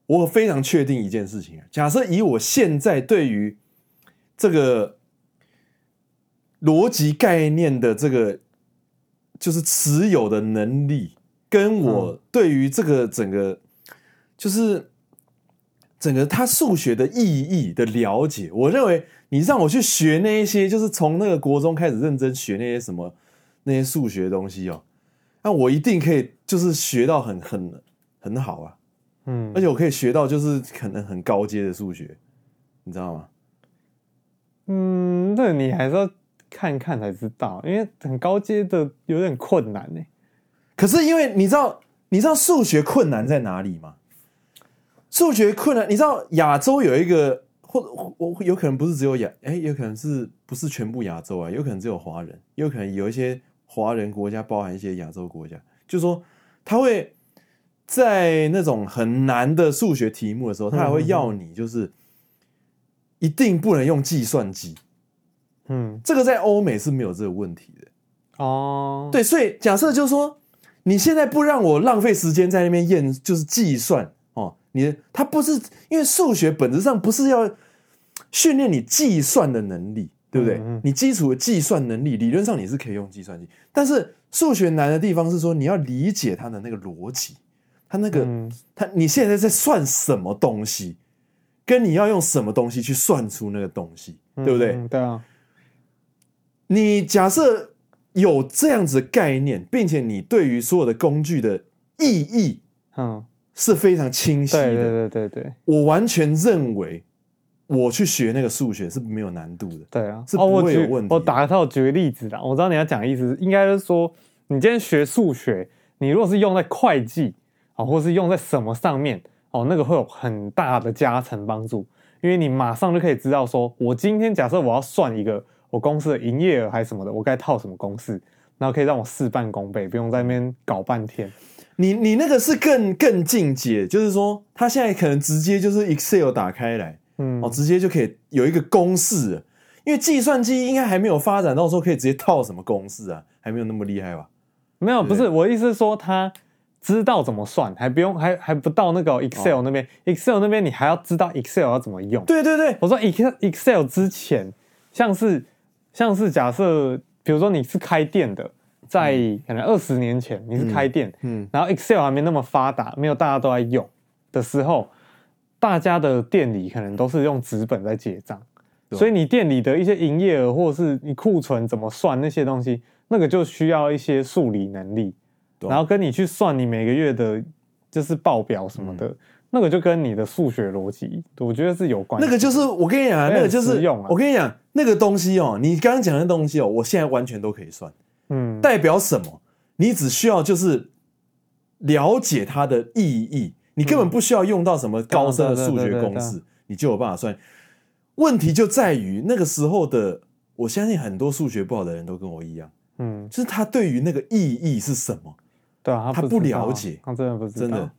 S1: 我非常確定一件事情，假設以我現在對於這個邏輯概念的這個，就是持有的能力。跟我對於這個整個就是整個他數學的意義的了解，我認為你讓我去學那一些，就是從那個國中開始認真學那些什麼那些數學的東西哦，那我一定可以就是學到很很很好啊，嗯，而且我可以學到就是可能很高階的數學，你知道嗎？嗯，那你還是要看看才知道，因為很高階的有點困難呢、欸。可是因為你知道，你知道數學困難在哪裡嗎？數學困難，你知道亞洲有一個，或我有可能不是只有亞，哎、欸，有可能是不是全部亞洲啊？有可能只有華人，有可能有一些華人國家包含一些亞洲國家。就是說他會，在那種很難的數學題目的時候，他還會要你，就是、嗯、一定不能用計算機。嗯，這個在歐美是沒有這個問題的。哦，對，所以假設就是說。你現在不讓我浪費時間在那邊驗，就是計算哦。你他不是因為數學本質上不是要訓練你計算的能力，對不對？嗯嗯、你基礎的計算能力理論上你是可以用計算機，但是數學難的地方是說你要理解它的那個邏輯，它那個、嗯、它你現在在算什麼東西，跟你要用什麼東西去算出那個東西，對不對？嗯嗯、對啊。你假設。有這樣子的概念，並且你對於所有的工具的意義，嗯，是非常清晰的。嗯、對，對，對對對對，我完全認為，我去學那個數學是沒有難度的。對啊，是不會有問題的，哦我。我打個比方舉個例子啦，我知道你要講的意思，應該是說你今天學數學，你如果是用在會計啊、哦，或是用在什麼上面哦，那個會有很大的加成幫助，因為你馬上就可以知道說，說我今天假設我要算一個。我公司的營業額還是什麼的，我該套什麼公式，然後可以讓我事半功倍，不用在那邊搞半天。你你那個是更更進階，就是說他現在可能直接就是 Excel 打開來，嗯，直接就可以有一個公式，因為計算機應該還沒有發展到說可以直接套什麼公式啊，還沒有那麼厲害吧？沒有，不是我意思是說他知道怎麼算，還不用還還不到那個 Excel 那邊，哦，Excel 那邊你還要知道 Excel 要怎麼用。對對對，對，我說 Excel Excel 之前像是。像是假設，比如說你是開店的，在可能二十年前你是開店，嗯，然後 Excel 還沒那麼發達，沒有大家都在用的時候，大家的店裡可能都是用紙本在結賬，嗯，所以你店裡的一些營業額或是你庫存怎麼算那些東西，那個就需要一些數理能力，嗯，然後跟你去算你每個月的就是報表什麼的，嗯，那個就跟你的數學邏輯，我覺得是有關係。那個就是我跟你講啊，啊，那個就是我跟你講。那個東西哦，你剛剛講的東西哦，我現在完全都可以算，嗯，代表什麼？你只需要就是了解它的意義，嗯、你根本不需要用到什麼高深的數學公式、對啊、對對對對對對對，你就有辦法算。問題就在於那個時候的，我相信很多數學不好的人都跟我一樣，嗯，就是他對於那個意義是什麼，對啊，他不了解，真的真的、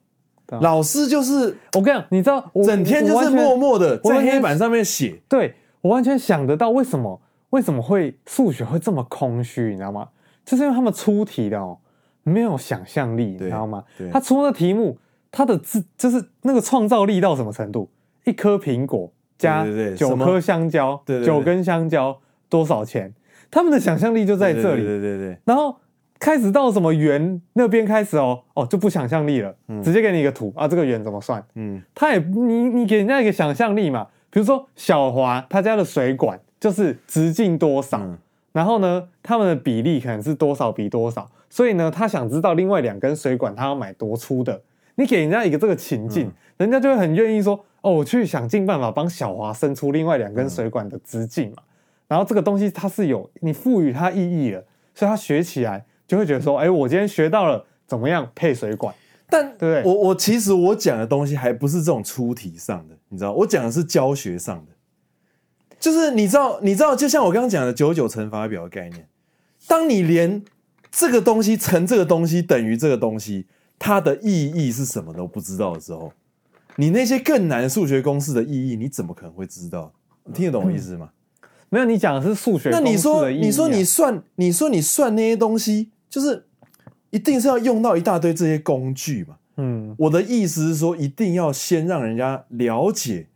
S1: 對啊。老師就是我跟你講，你、啊、知道，知道啊、整天就是默默的在黑板上面寫，對。我完全想得到為什麼為什麼會數學會這麼空虛，你知道嗎？就是因為他們出題的哦，沒有想象力，你知道嗎？他出的題目，他的字就是那個創造力到什麼程度？一顆蘋果加九顆香蕉，九根香蕉，對對對對，多少錢？他們的想象力就在這裡。對對對。然後開始到什麼圓那邊開始哦哦，就不想象力了，直接給你一個圖，嗯，啊，這個圓怎麼算？嗯，他也你，你給人家一個想象力嘛。比如說小華他家的水管就是直徑多少，然後呢，他們的比例可能是多少比多少，所以呢，他想知道另外兩根水管他要買多粗的。你給人家一個這個情境，人家就會很願意說：“哦，我去想盡辦法幫小華伸出另外兩根水管的直徑嘛。”然後這個東西它是有你賦予它意義了，所以他學起來就會覺得說：“哎、欸，我今天學到了怎麼樣配水管。但”但對我我其實我講的東西還不是這種出題上的。你知道我講的是教學上的，就是你知道，你知道，就像我剛剛講的九九乘法表的概念。當你連這個東西乘這個東西等於這個東西，它的意義是什麼都不知道的時候，你那些更難數學公式的意義，你怎麼可能會知道？你聽得懂我意思嗎？嗯、沒有，你講的是數學公式的意義、啊。那你說，你說你算，你說你算那些東西，就是一定是要用到一大堆這些工具嘛？嗯，我的意思是說，一定要先讓人家了解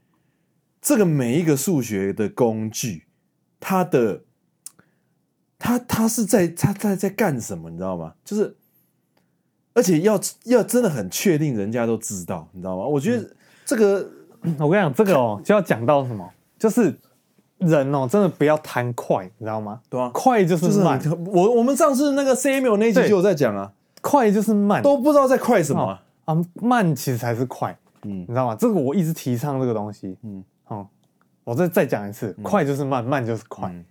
S1: 這個每一個數學的工具，它的，它它是在它在在幹什麼，你知道嗎？就是，而且要要真的很確定人家都知道，你知道嗎？我覺得這個，嗯、我跟你講這個哦，就要講到什麼，就是人哦，真的不要貪快，你知道嗎？對啊，快就是慢。就是、我我們上次那個 C M O 那一集就有在講啊，快就是慢，都不知道在快什麼、啊。啊，慢其實才是快，嗯，你知道嗎？這個我一直提倡這個東西，嗯，好、嗯，我再再講一次、嗯，快就是慢，慢就是快、嗯。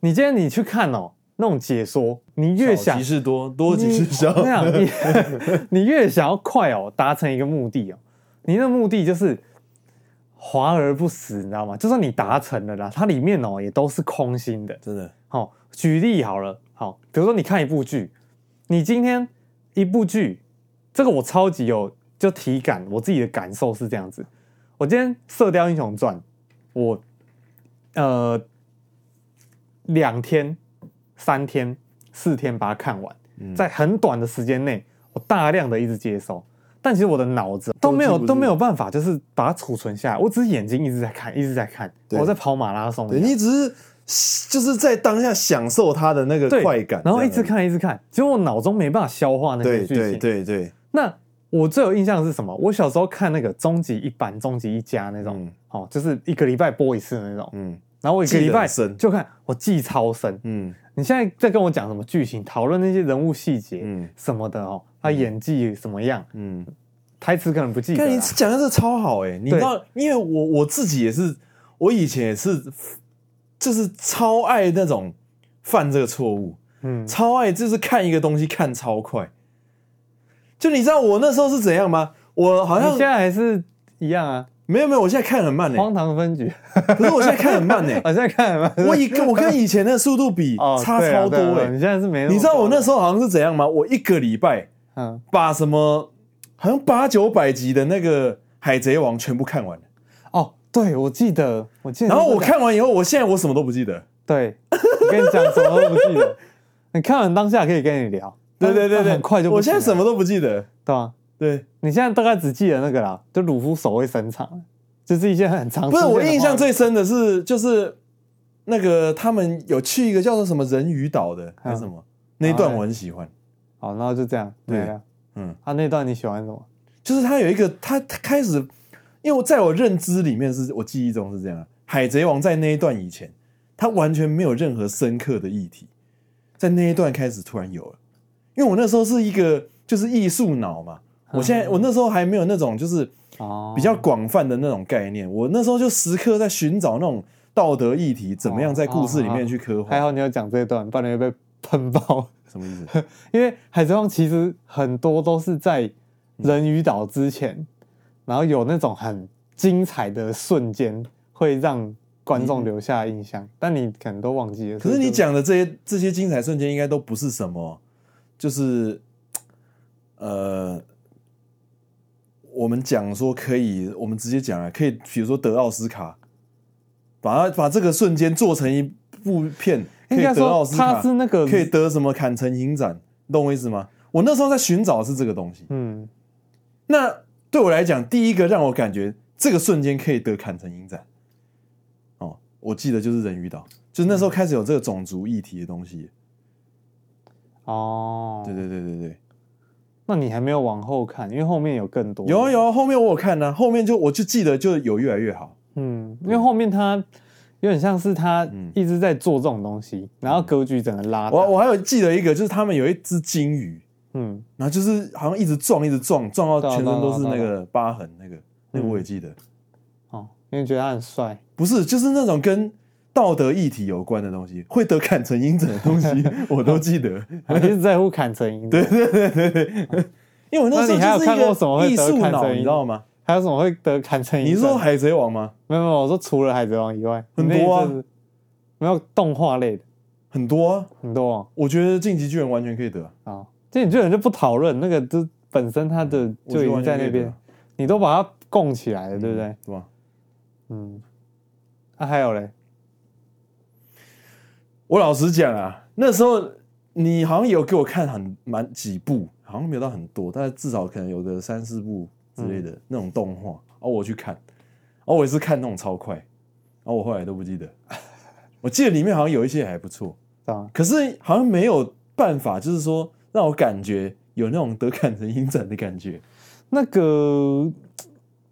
S1: 你今天你去看哦，那種解說，你越想，少即是多，多即是少，那樣 你越想要快哦，達成一個目的哦，你的目的就是華而不實，你知道嗎？就算你達成了啦，它裡面哦也都是空心的，真的。好、哦，舉例好了，好、哦，比如說你看一部劇，你今天一部劇。這個我超級有就體感，我自己的感受是這樣子。我今天《射鵰英雄傳》，我呃兩天、三天、四天把它看完，嗯，在很短的時間內，我大量的一直接收，但其實我的腦子都沒有都，是是都沒有辦法，就是把它儲存下來。我只是眼睛一直在看，一直在看，我在跑馬拉松，你只是就是在當下享受它的那個快感，然後一直看一直看，結果我腦中沒辦法消化那些劇情。對對對對。那我最有印象的是什麼？我小時候看那個《終極一班》《終極一家》那種，哦，就是一個禮拜播一次的那種，嗯，然後我一個禮拜就看，我記超深，嗯，你現在在跟我講什麼劇情，討論那些人物細節，嗯，什麼的哦，他演技什麼樣，嗯，台詞可能不記得，但你講的這超好，欸，誒你知道，因為我我自己也是，我以前也是，就是超愛那種犯這個錯誤，嗯，超愛就是看一個東西看超快。就你知道我那時候是怎樣嗎？我好像現在還是一樣啊。沒有沒有，我現在看很慢呢、欸。荒唐分局， 可是我現在看很慢呢、欸。 我現在看很慢，我以，個 我跟以前的速度比差超多哎、欸哦啊啊啊。你現在是沒有？你知道我那時候好像是怎樣嗎？我一個禮拜，嗯，把什麼好像八九百集的那個海賊王全部看完哦，對，我記得，我記得。然後我看完以後，我現在我什麼都不記得。對，我跟你講，什麼都不記得。 你看完當下可以跟你聊。對對對對，很快就不我現在什麼都不記得，對吧？對，你現在大概只記得那個啦，就魯夫手會伸長，就是一些很長的。不是，我印象最深的是，就是那個他們有去一個叫做什麼人魚島的、嗯，還是什麼那一段我很喜歡、嗯啊欸。好，然後就這樣，對呀，嗯，他、啊、那段你喜歡什麼？就是他有一個，他開始，因為我在我認知裡面是，我記憶中是這樣的，海賊王在那一段以前，他完全沒有任何深刻的議題，在那一段開始突然有了。因為我那時候是一個就是藝術腦嘛，我現在我那時候還沒有那種就是比較廣泛的那種概念，我那時候就時刻在尋找那種道德議題，怎麼樣在故事裡面去刻畫、哦哦哦哦。還好你有講這一段，不然你會被噴爆。什麼意思？ 因為《海賊王》其實很多都是在人魚島之前、嗯，然後有那種很精彩的瞬間，會讓觀眾留下印象、嗯，但你可能都忘記了是不是。可是你講的這些這些精彩瞬間，應該都不是什麼。就是，呃，我們講說可以，我們直接講啊，可以，比如說得奧斯卡，把把這個瞬間做成一部片，可以得奧斯卡，得他是那個可以得什麼坎城影展，你懂我意思嗎？我那時候在尋找是這個東西，嗯，那對我來講，第一個讓我感覺這個瞬間可以得坎城影展，哦，我記得就是《人魚島》，就是，那時候開始有這個種族議題的東西。嗯哦、oh,，對對對對對，那你還沒有往後看，因為後面有更多。有啊有啊，後面我有看呢，啊。後面就我就記得就有越來越好。嗯，因為後面他有點像是他一直在做這種東西，嗯、然後格局整個拉。我我還有記得一個，就是他們有一隻鯨魚，嗯，然後就是好像一直撞，一直撞，撞到全身都是那個疤痕，那個對啊對啊對啊對啊，那個我也記得。哦、嗯，oh, 因為覺得他很帥，不是，就是那種跟。道德議題有關的東西，會得坎城影展的東西， 我都記得。我一直在乎坎城影展？ 對對對對對。因為我那時候。還有看過什麼會得坎城影展？藝術腦，你知道嗎？還有什麼會得坎城影？你是說海賊王嗎？沒有沒有，我說除了海賊王以外，很多、啊。沒有動畫類的，很多很、啊、多。我覺得進擊巨人完全可以得。啊，進擊巨人就不討論那個，就本身它的就已經在那邊，你都把它供起來了，對不對？是、嗯、吧？嗯。啊，還有嘞。我老實講啊，那時候你好像有給我看很蠻幾部，好像沒有到很多，但至少可能有個三四部之類的、嗯、那種動畫，然、哦、後我去看，然、哦、後我也是看那種超快，然、哦、後我後來都不記得，我記得裡面好像有一些還不錯，啊，可是好像沒有辦法，就是說讓我感覺有那種得看成癮展的感覺，那個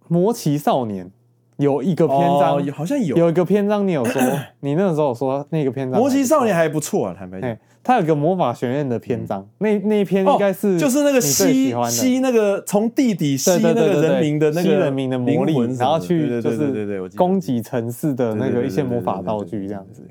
S1: 魔奇少年。有一個篇章，哦、好像有有一個篇章，你有說， 你那個時候有說那個篇章《魔奇少年》還不錯啊，坦白講、欸，他有個魔法學院的篇章，嗯、那那一篇應該是、哦、就是那個吸吸那個從地底吸那個人民的那個對對對對人民的，的，的魔力，然後去就是對對對，攻擊城市的那個一些魔法道具這樣子。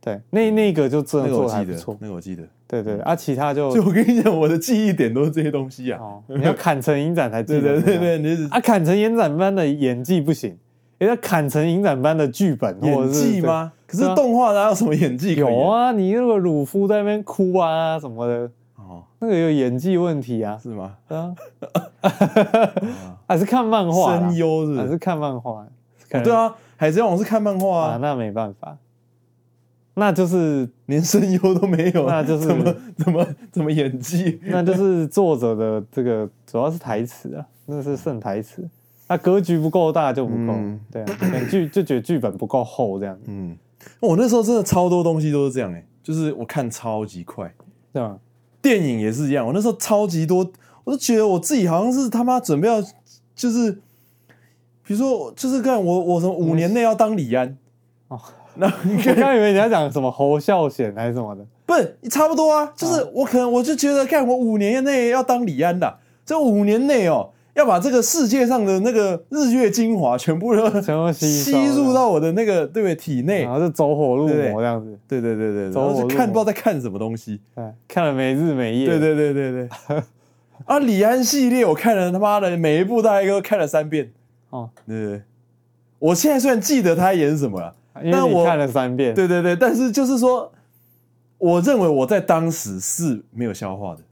S1: 對，那那個就真的我記得。那個我記得，對對，對。啊，其他就就我跟你講，我的記憶點都是這些東西啊。呀、哦，對對對，你要坎城影展才記得。對對對對，你是啊，坎城影展般的演技不行。人家砍成影展般的劇本，演技嗎？可是動畫哪有什麼演技可以演？有啊，你那個魯夫在那邊哭啊什麼的，哦，那個有演技問題啊？是嗎？是啊，還、 嗯啊啊、是看漫畫聲優是？還、啊、是看漫畫？漫畫哦、對啊，還是總是看漫畫啊，啊？那沒辦法，那就是連聲優都沒有，那就是怎麼怎麼怎麼演技？那就是作者的這個主要是台詞啊，那是剩台詞。他、啊、格局不夠大就不夠、嗯，對啊，劇 就覺得劇本不夠厚這樣。嗯，我那時候真的超多東西都是這樣的、欸、就是我看超級快，對吧？電影也是一樣，我那時候超級多，我都覺得我自己好像是他媽準備要就是，比如說就是看我我什麼五年內要當李安哦、嗯，那剛剛以，以為你要講什麼侯孝賢還是什麼的，不是差不多啊，就是我可能我就覺得看我五年內要當李安的，這五年內哦、喔。要把這個世界上的那個日月精華全部都吸吸入到我的那個對不對體內，然後就走火入魔這樣子。對對對對對，然後就看不知道在看什麼東西，對看了沒日沒夜。對對對對對，對。 啊，李安系列我看了他媽的每一部，大概都看了三遍。哦，對對，對。我現在雖然記得他演什麼了，因為你看了三遍。對對對，但是就是說，我認為我在當時是沒有消化的。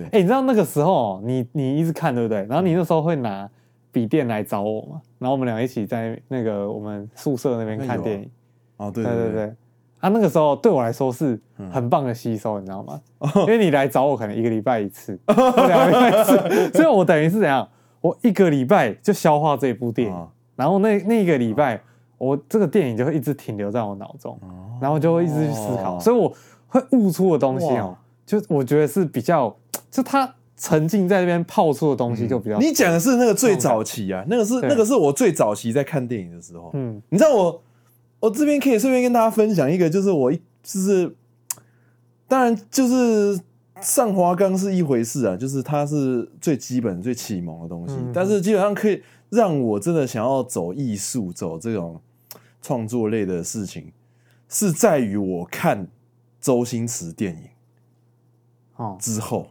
S1: 哎，欸、你知道那個時候你，你你一直看，對不對？然後你那時候會拿筆電來找我嘛？然後我們倆一起在那個我們宿舍那邊看電影。哦、啊，對對對對啊，那個時候對我來說是很棒的吸收，嗯、你知道嗎？ 因為你來找我可能一個禮拜一次，兩 個禮拜一次，所以我等於是怎樣？我一個禮拜就消化這一部電影，啊、然後那那一個禮拜、啊，我這個電影就會一直停留在我腦中、啊，然後我就會一直去思考。所以我會悟出的東西哦、喔，就我覺得是比較。就他沉浸在那邊泡出的東西就比較。嗯，你講的是那個最早期啊，那個是那個是我最早期在看電影的時候。嗯，你知道我，我這邊可以順便跟大家分享一個，就是我一就是，當然就是上華崗是一回事啊，就是它是最基本、最啟蒙的東西嗯嗯。但是基本上可以讓我真的想要走藝術、走這種創作類的事情，是在於我看周星馳電影，哦之後。哦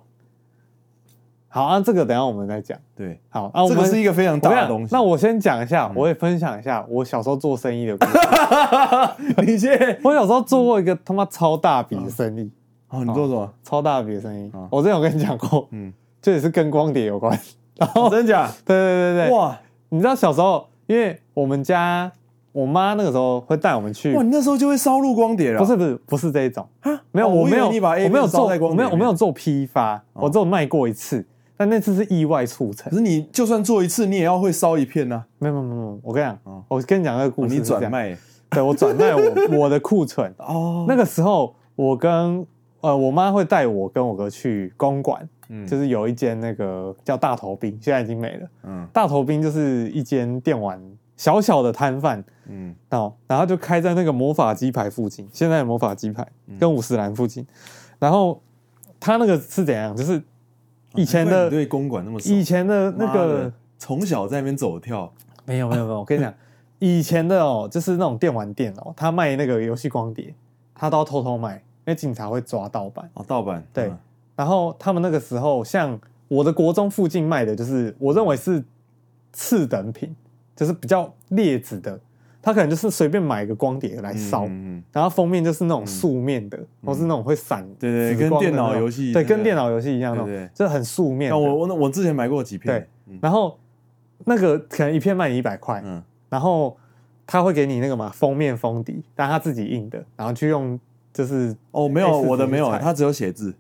S1: 好，那、啊、這個等一下我們再講。對，好，啊我們，這個是一個非常大的東西。我講那我先講一下、嗯，我也分享一下我小時候做生意的故事哈哈 你先現在， 我小時候做過一個他、嗯、媽超大筆的生意哦。哦，你做什麼？超大筆的生意、哦？我之前有跟你講過，嗯，這也是跟光碟有關。 啊、真的假的？ 對，對對對對。哇，你知道小時候，因為我們家我媽那個時候會帶我們去。哇，你那時候就會燒錄光碟了？不是不是不是這一種啊，沒有、哦我沒有，我我沒有，我沒有，我沒有做，我沒有我沒有做批發，哦、我只有賣過一次。但那次是意外促成。可是你就算做一次，你也要會燒一片呢、啊。沒有沒有沒有，我跟你講，哦、我跟你講個故事、啊。你轉賣，對我轉賣我 我的庫存。哦，那個時候我跟呃我媽會帶我跟我哥去公館，嗯，就是有一間那個叫大頭兵，現在已經沒了。嗯，大頭兵就是一間電玩小小的攤販，嗯，到、哦、然後就開在那個魔法雞排附近，現在的魔法雞排跟五十嵐附近、嗯。然後他那個是怎樣？就是。以前的，為何對公館那麼熟？以前的那個從小在那邊走跳。沒有沒有沒有， 我跟你講，以前的哦，就是那種電玩店哦，他賣那個遊戲光碟，他都要偷偷賣，因為警察會抓盜版哦，盜版對，然後他們那個時候像我的國中附近賣的就是我認為是次等品，就是比較劣質的。他可能就是隨便買一個光碟來燒、嗯嗯嗯，然後封面就是那種素面的，嗯、或是那種會閃的那種。對對，跟電腦遊戲。對，對啊、跟電腦遊戲一樣的對對對，就很素面的、啊。我我我之前買過幾片。對嗯、然後那個可能一片賣你一百塊、嗯，然後他會給你那個嘛封面封底，但他自己印的，然後去用就是哦，沒有我的沒有，他只有寫字，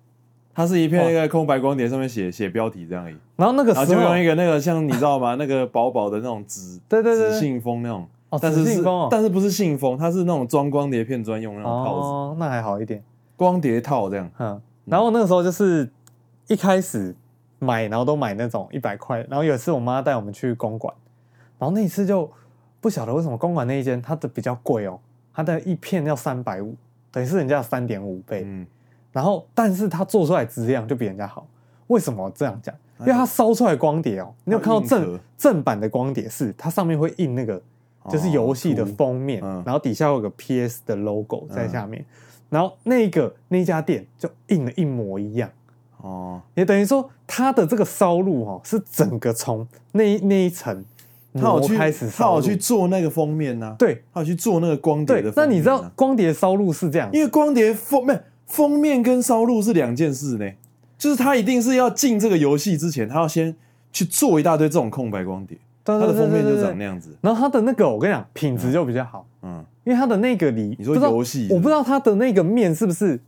S1: 他是一片那個空白光碟，上面寫寫標題這樣而已。然後那個時候，就用一個那個像你知道嗎？ 那個薄薄的那種紙，對對對，對，信封那種。是是哦，但是哦，但是不是信封，它是那種裝光碟片專用的那種套子。哦，那還好一點，光碟套這樣。哈、嗯嗯，然後那個時候就是一開始買，然後都買那種一百塊，然後有一次我媽帶我們去公館，然後那一次就不曉得為什麼公館那一間它的比較貴哦，它的一片要三百五，等於是人家三點五倍。嗯，然後但是它做出來質量就比人家好，為什麼這樣講、哎？因為它燒出來光碟哦，你有看到正正版的光碟是它上面會印那個。就是遊戲的封面，然後底下有個 P S 的 logo 在下面，然後那個那家店就印了一模一樣。哦，也等於說它的這個燒錄哈，是整個從那那一層，
S2: 他開去，他我去
S1: 做那個封面呢、啊。對，他有去做那個光碟的封面。那你知道光碟燒錄是這樣？因為光碟封面封面跟燒錄是兩件事呢、欸，就是他一定是要進這個遊戲之前，他要先去做一大堆這種空白光碟。它的封面就長那樣子，然後它的那個，我跟你講，品質就比較好，嗯，嗯，因為它的那個裡，你說遊戲是不是，我不知道它的那個面是不是，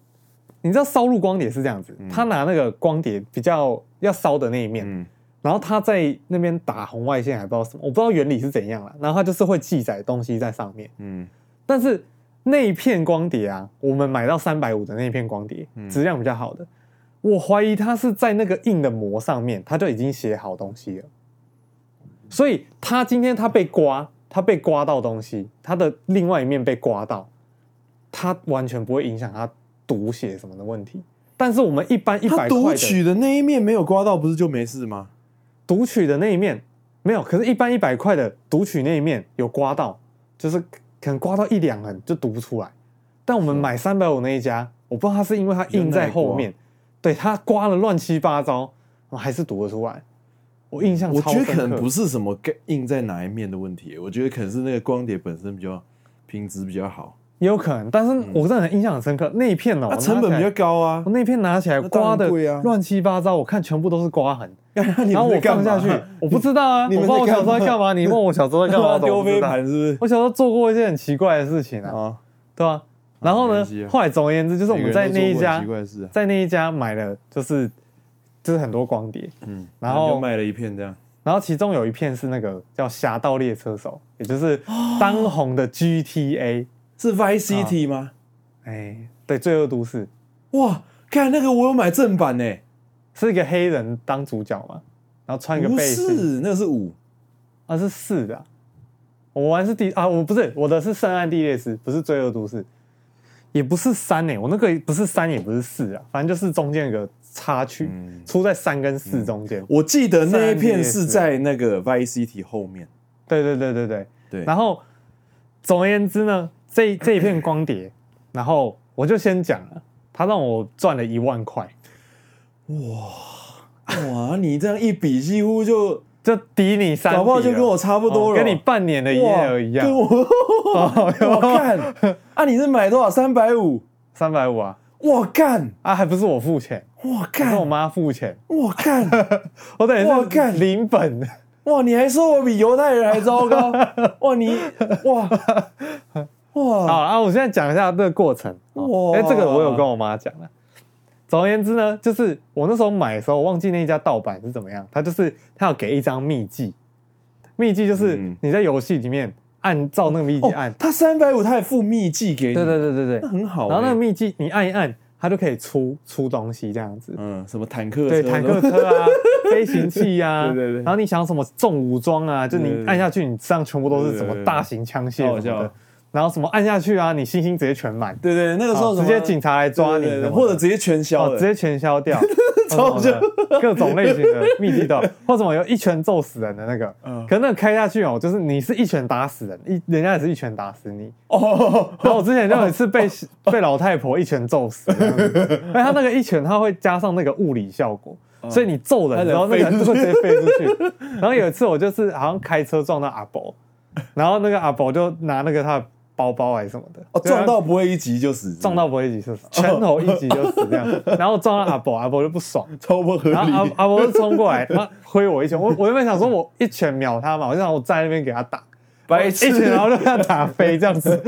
S1: 你知道燒錄光碟是這樣子、嗯，他拿那個光碟比較要燒的那一面、嗯，然後他在那邊打紅外線還不知道什麼，我不知道原理是怎樣了，然後它就是會記載東西在上面，嗯，但是那一片光碟啊，我們買到三百五的那一片光碟、嗯，質量比較好的，我懷疑它是在那個硬的膜上面，它就已經寫好東西了。所以他今天他被刮，他被刮到東西，他的另外一面被刮到，他完全不會影響他讀寫什麼的問題。但是我們一般一百塊的他讀取的那一面沒有刮到，不是就沒事嗎？讀取的那一面沒有，可是，一般一百塊的讀取那一面有刮到，就是可能刮到一兩行就讀不出來。但我們買三百五那一家，我不知道他是因為他印在後面，對他刮了亂七八糟，我還是讀得出來。我印象，我覺得可能不是什麼印在哪一面的問題，嗯，我覺得可能是那個光碟本身比較品質比較好，也有可能。但是我真的印象很深刻，嗯，那一片哦，喔啊，成本比較高啊，那一片拿起來刮的亂七八糟，啊，我看全部都是刮痕。啊，你幹然後我看不下去，我不知道啊，你問我，我小時候幹嘛你？你問我，我小時候幹嘛？丟飛盤是不是？我小時候做過一件很奇怪的事情啊，啊對吧，啊啊，然後呢，啊，後來總而言之，就是我們在那一家，在那一家買了，就是。就是很多光碟，嗯，然後又賣了一片這樣，然後其中有一片是那個叫《俠盜獵車手》，也就是當紅的 GTA，、哦、是 Vice City 嗎？哎、欸，對，《罪惡都市》。哇，看那個我有買正版哎、欸，是一個黑人當主角嘛，然後穿一個背，是那個是五啊，是四的、啊。我玩是第啊，我不是我的是《聖安地列斯》，不是《罪惡都市》，也不是三哎、欸，我那個不是三也不是四啊，反正就是中間一個。差距、嗯、出在三跟四中間、嗯，我記得那一片是在那個 Y C T 後面。對對對對對對。然後總而言之呢，這一這一片光碟， 然後我就先講了，他讓我賺了一萬塊。哇哇，你這樣一比，幾乎就 就抵你三，搞不好就跟我差不多了，哦、跟你半年的營業額一樣。我靠、哦！啊，你是買多少？三百五，三百五啊。我幹啊，還不是我付錢，是我幹，跟我媽付錢，我幹，我等一下，我幹零本，哇，你還說我比猶太人還糟糕， 哇你哇哇，好啊，我現在講一下這個過程，哎、欸，這個我有跟我媽講了。總而言之呢，就是我那時候買的時候，我忘記那一家盜版是怎麼樣，他就是他要給一張祕籍，祕籍就是你在遊戲裡面。嗯按照那個祕籍按，他三百五，他也附祕籍給你。對對對對對，很好、欸。然後那個祕籍你按一按，他就可以出出東西這樣子。嗯，什麼坦克？對，坦克車啊， 飛行器啊。對對，對對對。然後你想什麼重武裝啊？就你按下去，你身上全部都是什麼大型槍械什麼的，對對對對對。然後什麼按下去啊？你星星直接全滿。對，對對，那個時候什麼直接警察來抓你對對對對，或者直接全消，直接全消掉。 然後就各種類型的秘籍都，或者有，一拳揍死人的那個，嗯，可是那個開下去哦、喔，就是你是一拳打死人，一人家也是一拳打死你。哦，我之前就有一次被、哦、被老太婆一拳揍死，因為、哦、他那個一拳他會加上那個物理效果，嗯、所以你揍人，然後那個人就會直接飛出去。嗯、然後有一次我就是好像開車撞到阿伯，然後那個阿伯就拿那個他的。包包還是什麼的、哦，撞到不會一擊就死，撞到不會一擊就死，拳頭一擊就死、哦、這樣，然後撞到阿伯，阿、啊、伯就不爽，超不合理，然後阿阿伯就衝過來，他揮我一拳，我我原本想說我一拳秒他嘛，我就想我站在那邊給他打，把一拳然後讓他打飛這樣子，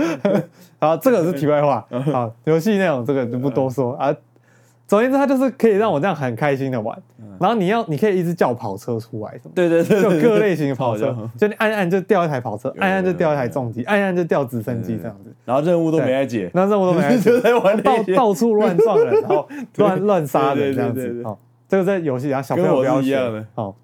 S1: 然後 這個是題外話，好遊戲內容這個就不多說啊。總言之，它就是可以讓我這樣很開心的玩、嗯。然後你要，你可以一直叫跑車出來，對對對，對，就各類型的跑車，就，就你按按就掉一台跑車，按按就掉一台重機，按按就掉直升機這樣子。然後任務都沒來解，然後任務都沒來解， 玩到到處亂撞的，然後亂亂殺的這樣子。好，這個在遊戲啊，小朋友不要學。好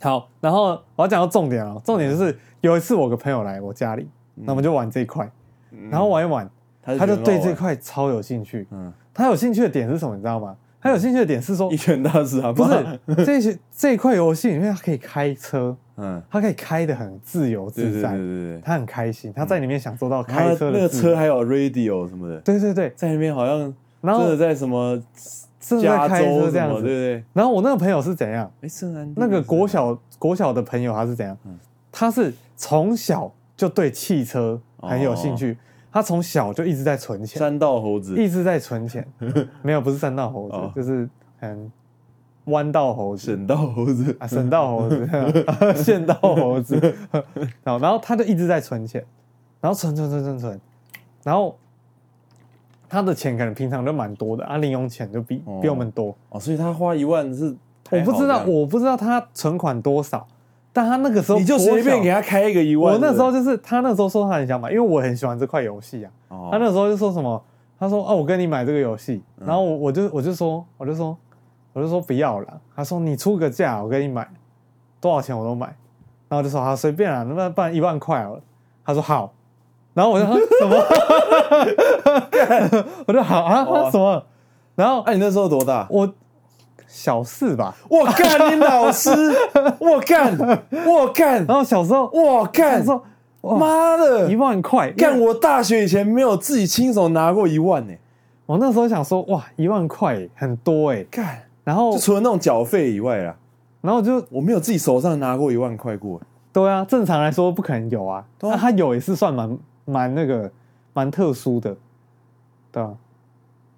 S1: 好，然後我要講到重點啊，重點就是有一次我個朋友來我家裡、嗯，那我們就玩這一塊、嗯，然後玩一玩，他就對這塊超有興趣。嗯。他有興趣的點是什麼？你知道嗎、嗯？他有興趣的點是說，一拳大師他不是這些 這一塊遊戲裡面，他可以開車，嗯，他可以開得很自由自在，對對對，對，對，對，他很開心，他在裡面享受到開車的、嗯、他那個車還有 radio 什麼的，對對對，在裡面好像真的在什麼正在開車這樣子，對對對，然後我那個朋友是怎樣？啊，那個國小國小的朋友他是怎樣？嗯、他是從小就對汽車很有興趣。哦哦他從小就一直在存錢，三道猴子一直在存錢，沒有不是三道猴子，哦、就是嗯彎道猴子、省道猴子啊、省道猴子、縣 道猴子， 然後他就一直在存錢，然後存存存存存，存，然後他的錢可能平常就蠻多的啊，零用錢就比比我們多哦，哦，所以他花一萬是我不知道，我不知道他存款多少。但他那個時候你就隨便給他開一個一萬。我那時候就是他那時候說他很想買，因為我很喜歡這塊遊戲啊、哦。他那時候就說什麼？他說：“哦，我跟你買這個遊戲。”然後我我就我就說我就說我就說，我就說不要了。他說：“你出個價，我跟你買，多少錢我都買。”然後就說：“他隨便啊，能不能辦一萬塊哦。他說：“好。”然後我就說、啊，啊啊、什麼？ 我就好啊？他說什麼？然後哎、啊，你那時候多大？我。小四吧，我幹你老師，我幹我幹，然後小時候我幹，說、oh、媽、oh、的一、oh, 萬塊，幹我大學以前沒有自己親手拿過一萬呢。欸，我那時候想說哇，一萬塊、欸、很多哎、欸，幹。然後就除了那種繳費以外啦，然後就我沒有自己手上拿過一萬塊過、欸，對啊，正常來說不可能有啊，那、啊、他有也是算蠻蠻那個蠻特殊的，對啊。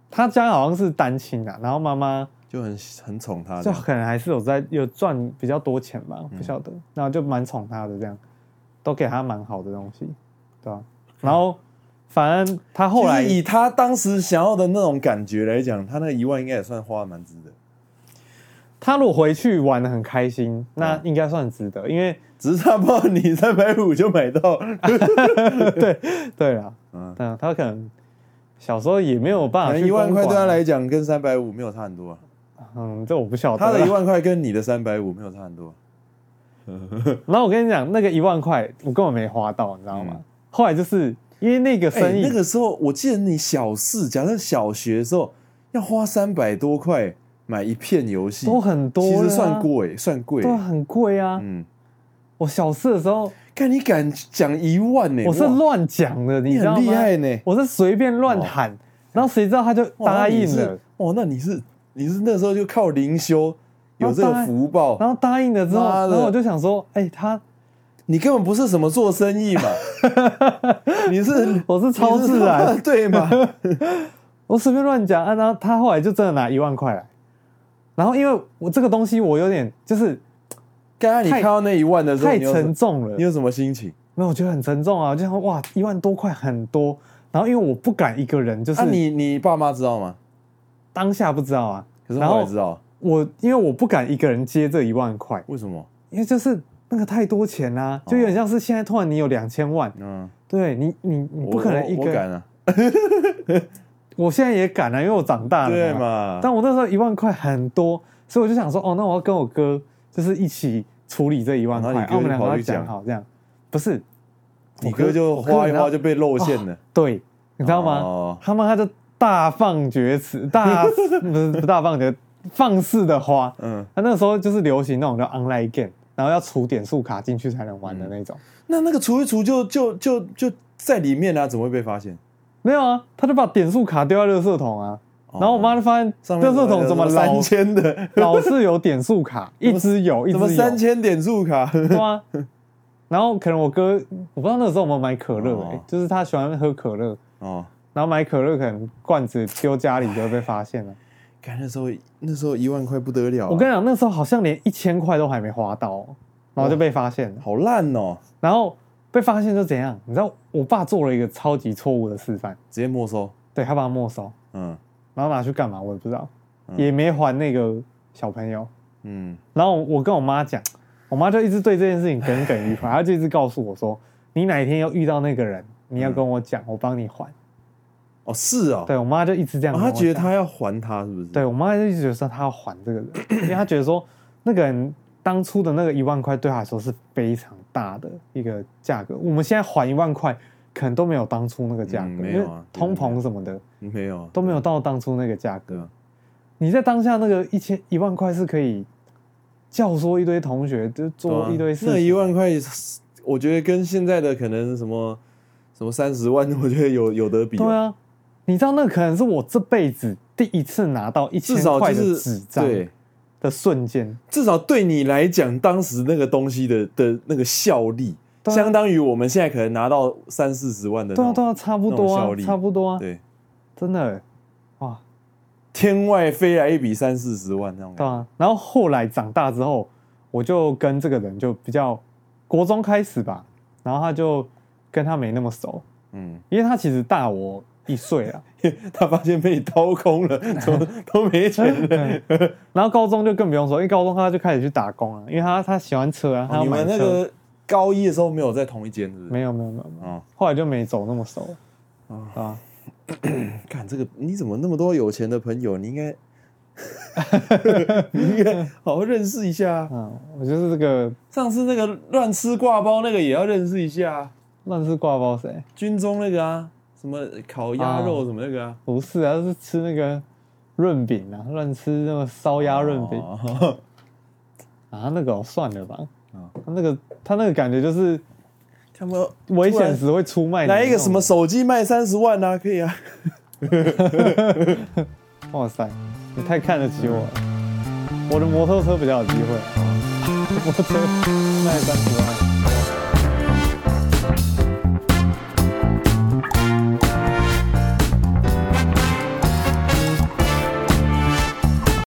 S1: 他家好像是單親啊，然後媽媽。就很很寵他的，就可能還是有在有賺比較多錢吧，不曉得，嗯、然後就蠻寵他的這樣，都給他蠻好的東西，對啊，然後反正他後來以他當時想要的那種感覺來講，他那一萬應該也算花的蠻值得。他如果回去玩的很開心，那應該算值得，因為只差不多你三百五就買到， 對對啊，嗯，對、嗯、啊，他可能小時候也沒有辦法，一萬塊對他來講跟三百五沒有差很多、啊。嗯，這我不曉得。他的一萬塊跟你的三百五沒有差很多。 然後我跟你講，那個一萬塊我根本沒花到，你知道嗎？嗯、後來就是因為那個生意，欸、那個時候我記得你小四，假設小學的時候要花三百多塊買一片遊戲，都很多、啊，其實算貴，算貴，都很貴啊。嗯，我小四的時候，看你敢講一萬呢，我是亂講的，你很厲害呢，我是隨便亂喊、哦，然後誰知道他就答應了。哦，那你是？哦你是那時候就靠靈修有這個福報，然後答應了之後，然後我就想說，哎，他，你根本不是什麼做生意嘛， 你是我是超市的對嗎？ 我隨便亂講啊。然後他後來就真的拿一萬塊來，然後因為我這個東西我有點就是，剛剛你看到那一萬的時候太你有，太沉重了你，你有什麼心情？沒有，我覺得很沉重啊，我就想說哇，一萬多塊很多，然後因為我不敢一個人，就是、啊、你你爸媽知道嗎？當下不知道啊，可是道然後我知道，我因為我不敢一個人接這一萬塊，為什麼？因為就是那個太多錢啦、啊哦，就有點像是現在，突然你有兩千萬，嗯，對你，你你不可能一個，我我，我、啊、 我現在也敢啊，因為我長大了，對嘛？但我那時候一萬塊很多，所以我就想說，哦，那我要跟我哥就是一起處理這一萬塊，就我們兩個講好這樣，不是，你哥，哥就花一花就被露餡了、哦，對，你知道嗎？哦、他們他就。大放厥詞，大不是不大放厥 放肆的花。嗯，他那個時候就是流行那種叫 online game，然後要儲點數卡進去才能玩的那種。嗯、那那個儲一儲就就就就在裡面啊，怎麼會被發現？沒有啊，他就把點數卡丟在垃圾桶啊、哦。然後我媽就發現垃圾桶怎麼老，有什麼三千的 老是有點數卡，一直有，一直有，怎麼三千點數卡 對啊，然後可能我哥我不知道那個時候有沒有買可樂、欸，哎、哦哦，就是他喜歡喝可樂啊。哦。然後買可樂可能罐子丟家裡就會被發現了。感覺那時候那時候一萬塊不得了、啊，我跟你講那時候好像連一千塊都還沒花到、哦，然後就被發現了，好爛哦。然後被發現就怎樣？你知道我爸做了一個超級錯誤的示範，直接沒收，對他把它沒收，嗯，然後拿去幹嘛我也不知道、嗯，也沒還那個小朋友，嗯。然後我跟我媽講，我媽就一直對這件事情耿耿於懷， 她就一直告訴我說，你哪一天要遇到那個人，你要跟我講，嗯、我幫你還。哦，是啊、哦，對我媽就一直這樣跟我講，她、哦、覺得她要還她是不是？對，我媽就一直覺得她要還這個 因為她覺得說那個人當初的那個一萬塊對她來說是非常大的一個價格。我們現在還一萬塊，可能都沒有當初那個價格，嗯、沒有啊，通膨什麼的，沒有、啊啊，都沒有到當初那個價格。啊啊、你在當下那個一千一萬塊是可以教唆一堆同學就做一堆事對、啊，那一萬塊，我覺得跟現在的可能什麼什麼三十萬，我覺得有有得比、啊，對啊。你知道，那個可能是我這輩子第一次拿到一千塊的紙張、就是、的瞬間。至少對你來講，當時那個東西的的那個效力，啊、相當於我們現在可能拿到三四十萬的，對啊，對啊，差不多啊，差不多啊，對，真的，哇，天外飛來一筆三四十萬那種，對啊，然後後來長大之後，我就跟這個人就比較國中開始吧，然後他就跟他沒那麼熟，嗯，因為他其實大我一歲啊， 他發現被你掏空了，都都沒錢了、 嗯。然後高中就更不用說，因為高中他就開始去打工了，因為他他喜歡車啊，他要買車啊，你們那個高一的時候沒有在同一間，啊、一沒一間是不是沒有沒有沒有、嗯，後來就沒走那麼熟。啊，幹、啊、咳咳這個你怎麼那麼多有錢的朋友？你應該， 你應該好好認識一下。嗯、我就是這個上次那個亂吃掛包那個也要認識一下。亂吃掛包誰？軍中那個啊。什麼烤鴨肉、啊、什麼那個、啊、不是啊，就是吃那個潤餅啊，亂吃那個燒鴨潤餅。啊，那個、哦、算了吧。哦、啊，他那個他那個感覺就是，他們危險時會出賣，來一個什麼手機賣三十萬啊，可以啊。哇、 哦、塞，你太看得起我了。嗯、我的摩托車比較有機會、哦。摩托車賣三十萬。